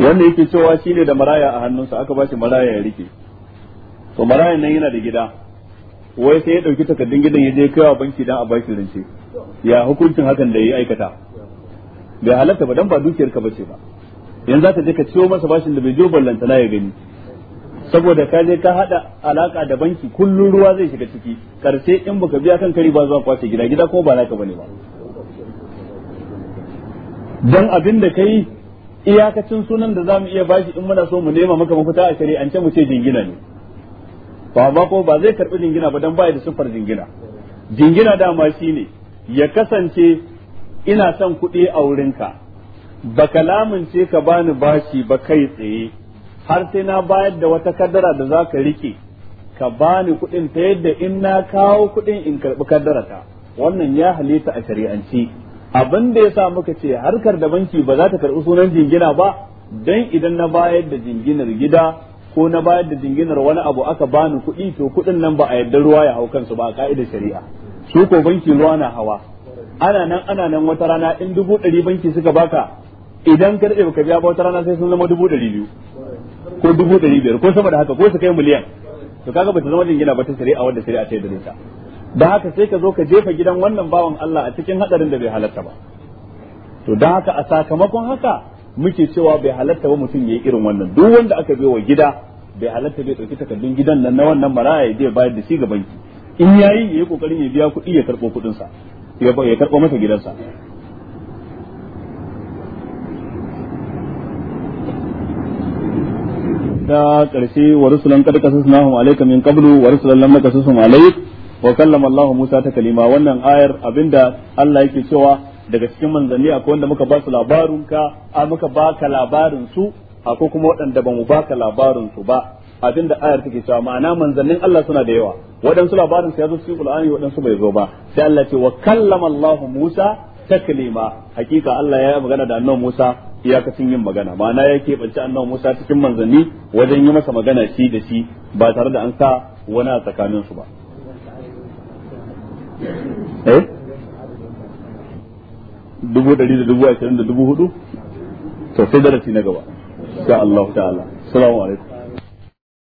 wanda yake cewa shine da maraya a hannunsa aka ba shi maraya ya rike to marayan nan yana da gida wai sai ya dauki takardun gidan ya je wa banki dan a bashi rance ya hukuncin hakan da ya aikata bai halatta ba dan ba dukiyar ka bace ba yanzu zaka je ka ciwo masa bashin da bai jo ballanta na ya gani saboda ka je ka hada alaka da banki kullun ruwa zai shiga ciki karshe in baka biya kan kari ba zuwa kwace gida gida ko ba naka bane ba dan abin da kai iyakacin sunan da zamu iya bashi in muna so mu nema maka mafita a shari'ance mu ce jingina ne to amma ko ba zai karbi jingina ba dan baya da sufar jingina jingina dama ne ya kasance ina son kuɗi a wurinka baka lamince ka bani bashi ba kai tsaye har sai na bayar da wata kadara da za ka rike ka bani kuɗin ta yadda in na kawo kuɗin in karɓi ta wannan ya halitta a shari'anci abin da ya sa muka ce harkar da banki ba za ta karɓi sunan jingina ba dan idan na bayar da jinginar gida ko na bayar da jinginar wani abu aka bani kuɗi to kuɗin nan ba a yarda ruwa ya hau kansu ba a ka'idar shari'a su ko banki ruwa na hawa ana nan ana nan wata rana in dubu ɗari banki suka baka idan ka daɗe baka biya ba wata rana sai sun zama dubu ɗari biyu ko dubu ɗari biyar ko sama da haka ko su kai miliyan to kaga bata zama jingina ba ta shari'a wanda shari'a ta yarda ta da haka sai ka zo ka jefa gidan wannan bawan Allah a cikin hadarin da bai halarta ba to da haka a sakamakon haka muke cewa bai halatta ba mutum ya yi irin wannan duk wanda aka bai wa gida bai halatta bai dauki takardun gidan nan na wannan maraya ya bayar da shi ga banki in yayi yi kokarin ya biya kuɗi ya karɓo kuɗin sa ya karɓo masa gidansa da karshe wa rusulan kada kasasnahum alaikum min qablu wa rusulan lam nakasasum alaik wa kallama Allah Musa ta kalima wannan ayar abinda Allah yake cewa daga cikin manzanni akwai wanda muka ba su labarin ka a muka ba ka labarin su akwai kuma waɗanda ba mu ba ka labarin su ba abin da ayar take cewa ma'ana manzannin Allah suna da yawa waɗansu labarin su ya zo cikin Qur'ani waɗansu bai zo ba sai Allah ce wa kallama Allah Musa taklima hakika Allah ya yi magana da annabi Musa iyakacin yin magana ma'ana ya keɓance annabi Musa cikin manzanni wajen yi masa magana shi da shi ba tare da an sa wani a tsakaninsu ba eh dubu ɗari da dubu ashirin da dubu hudu to sai darasi na gaba insha Allah ta'ala assalamu alaikum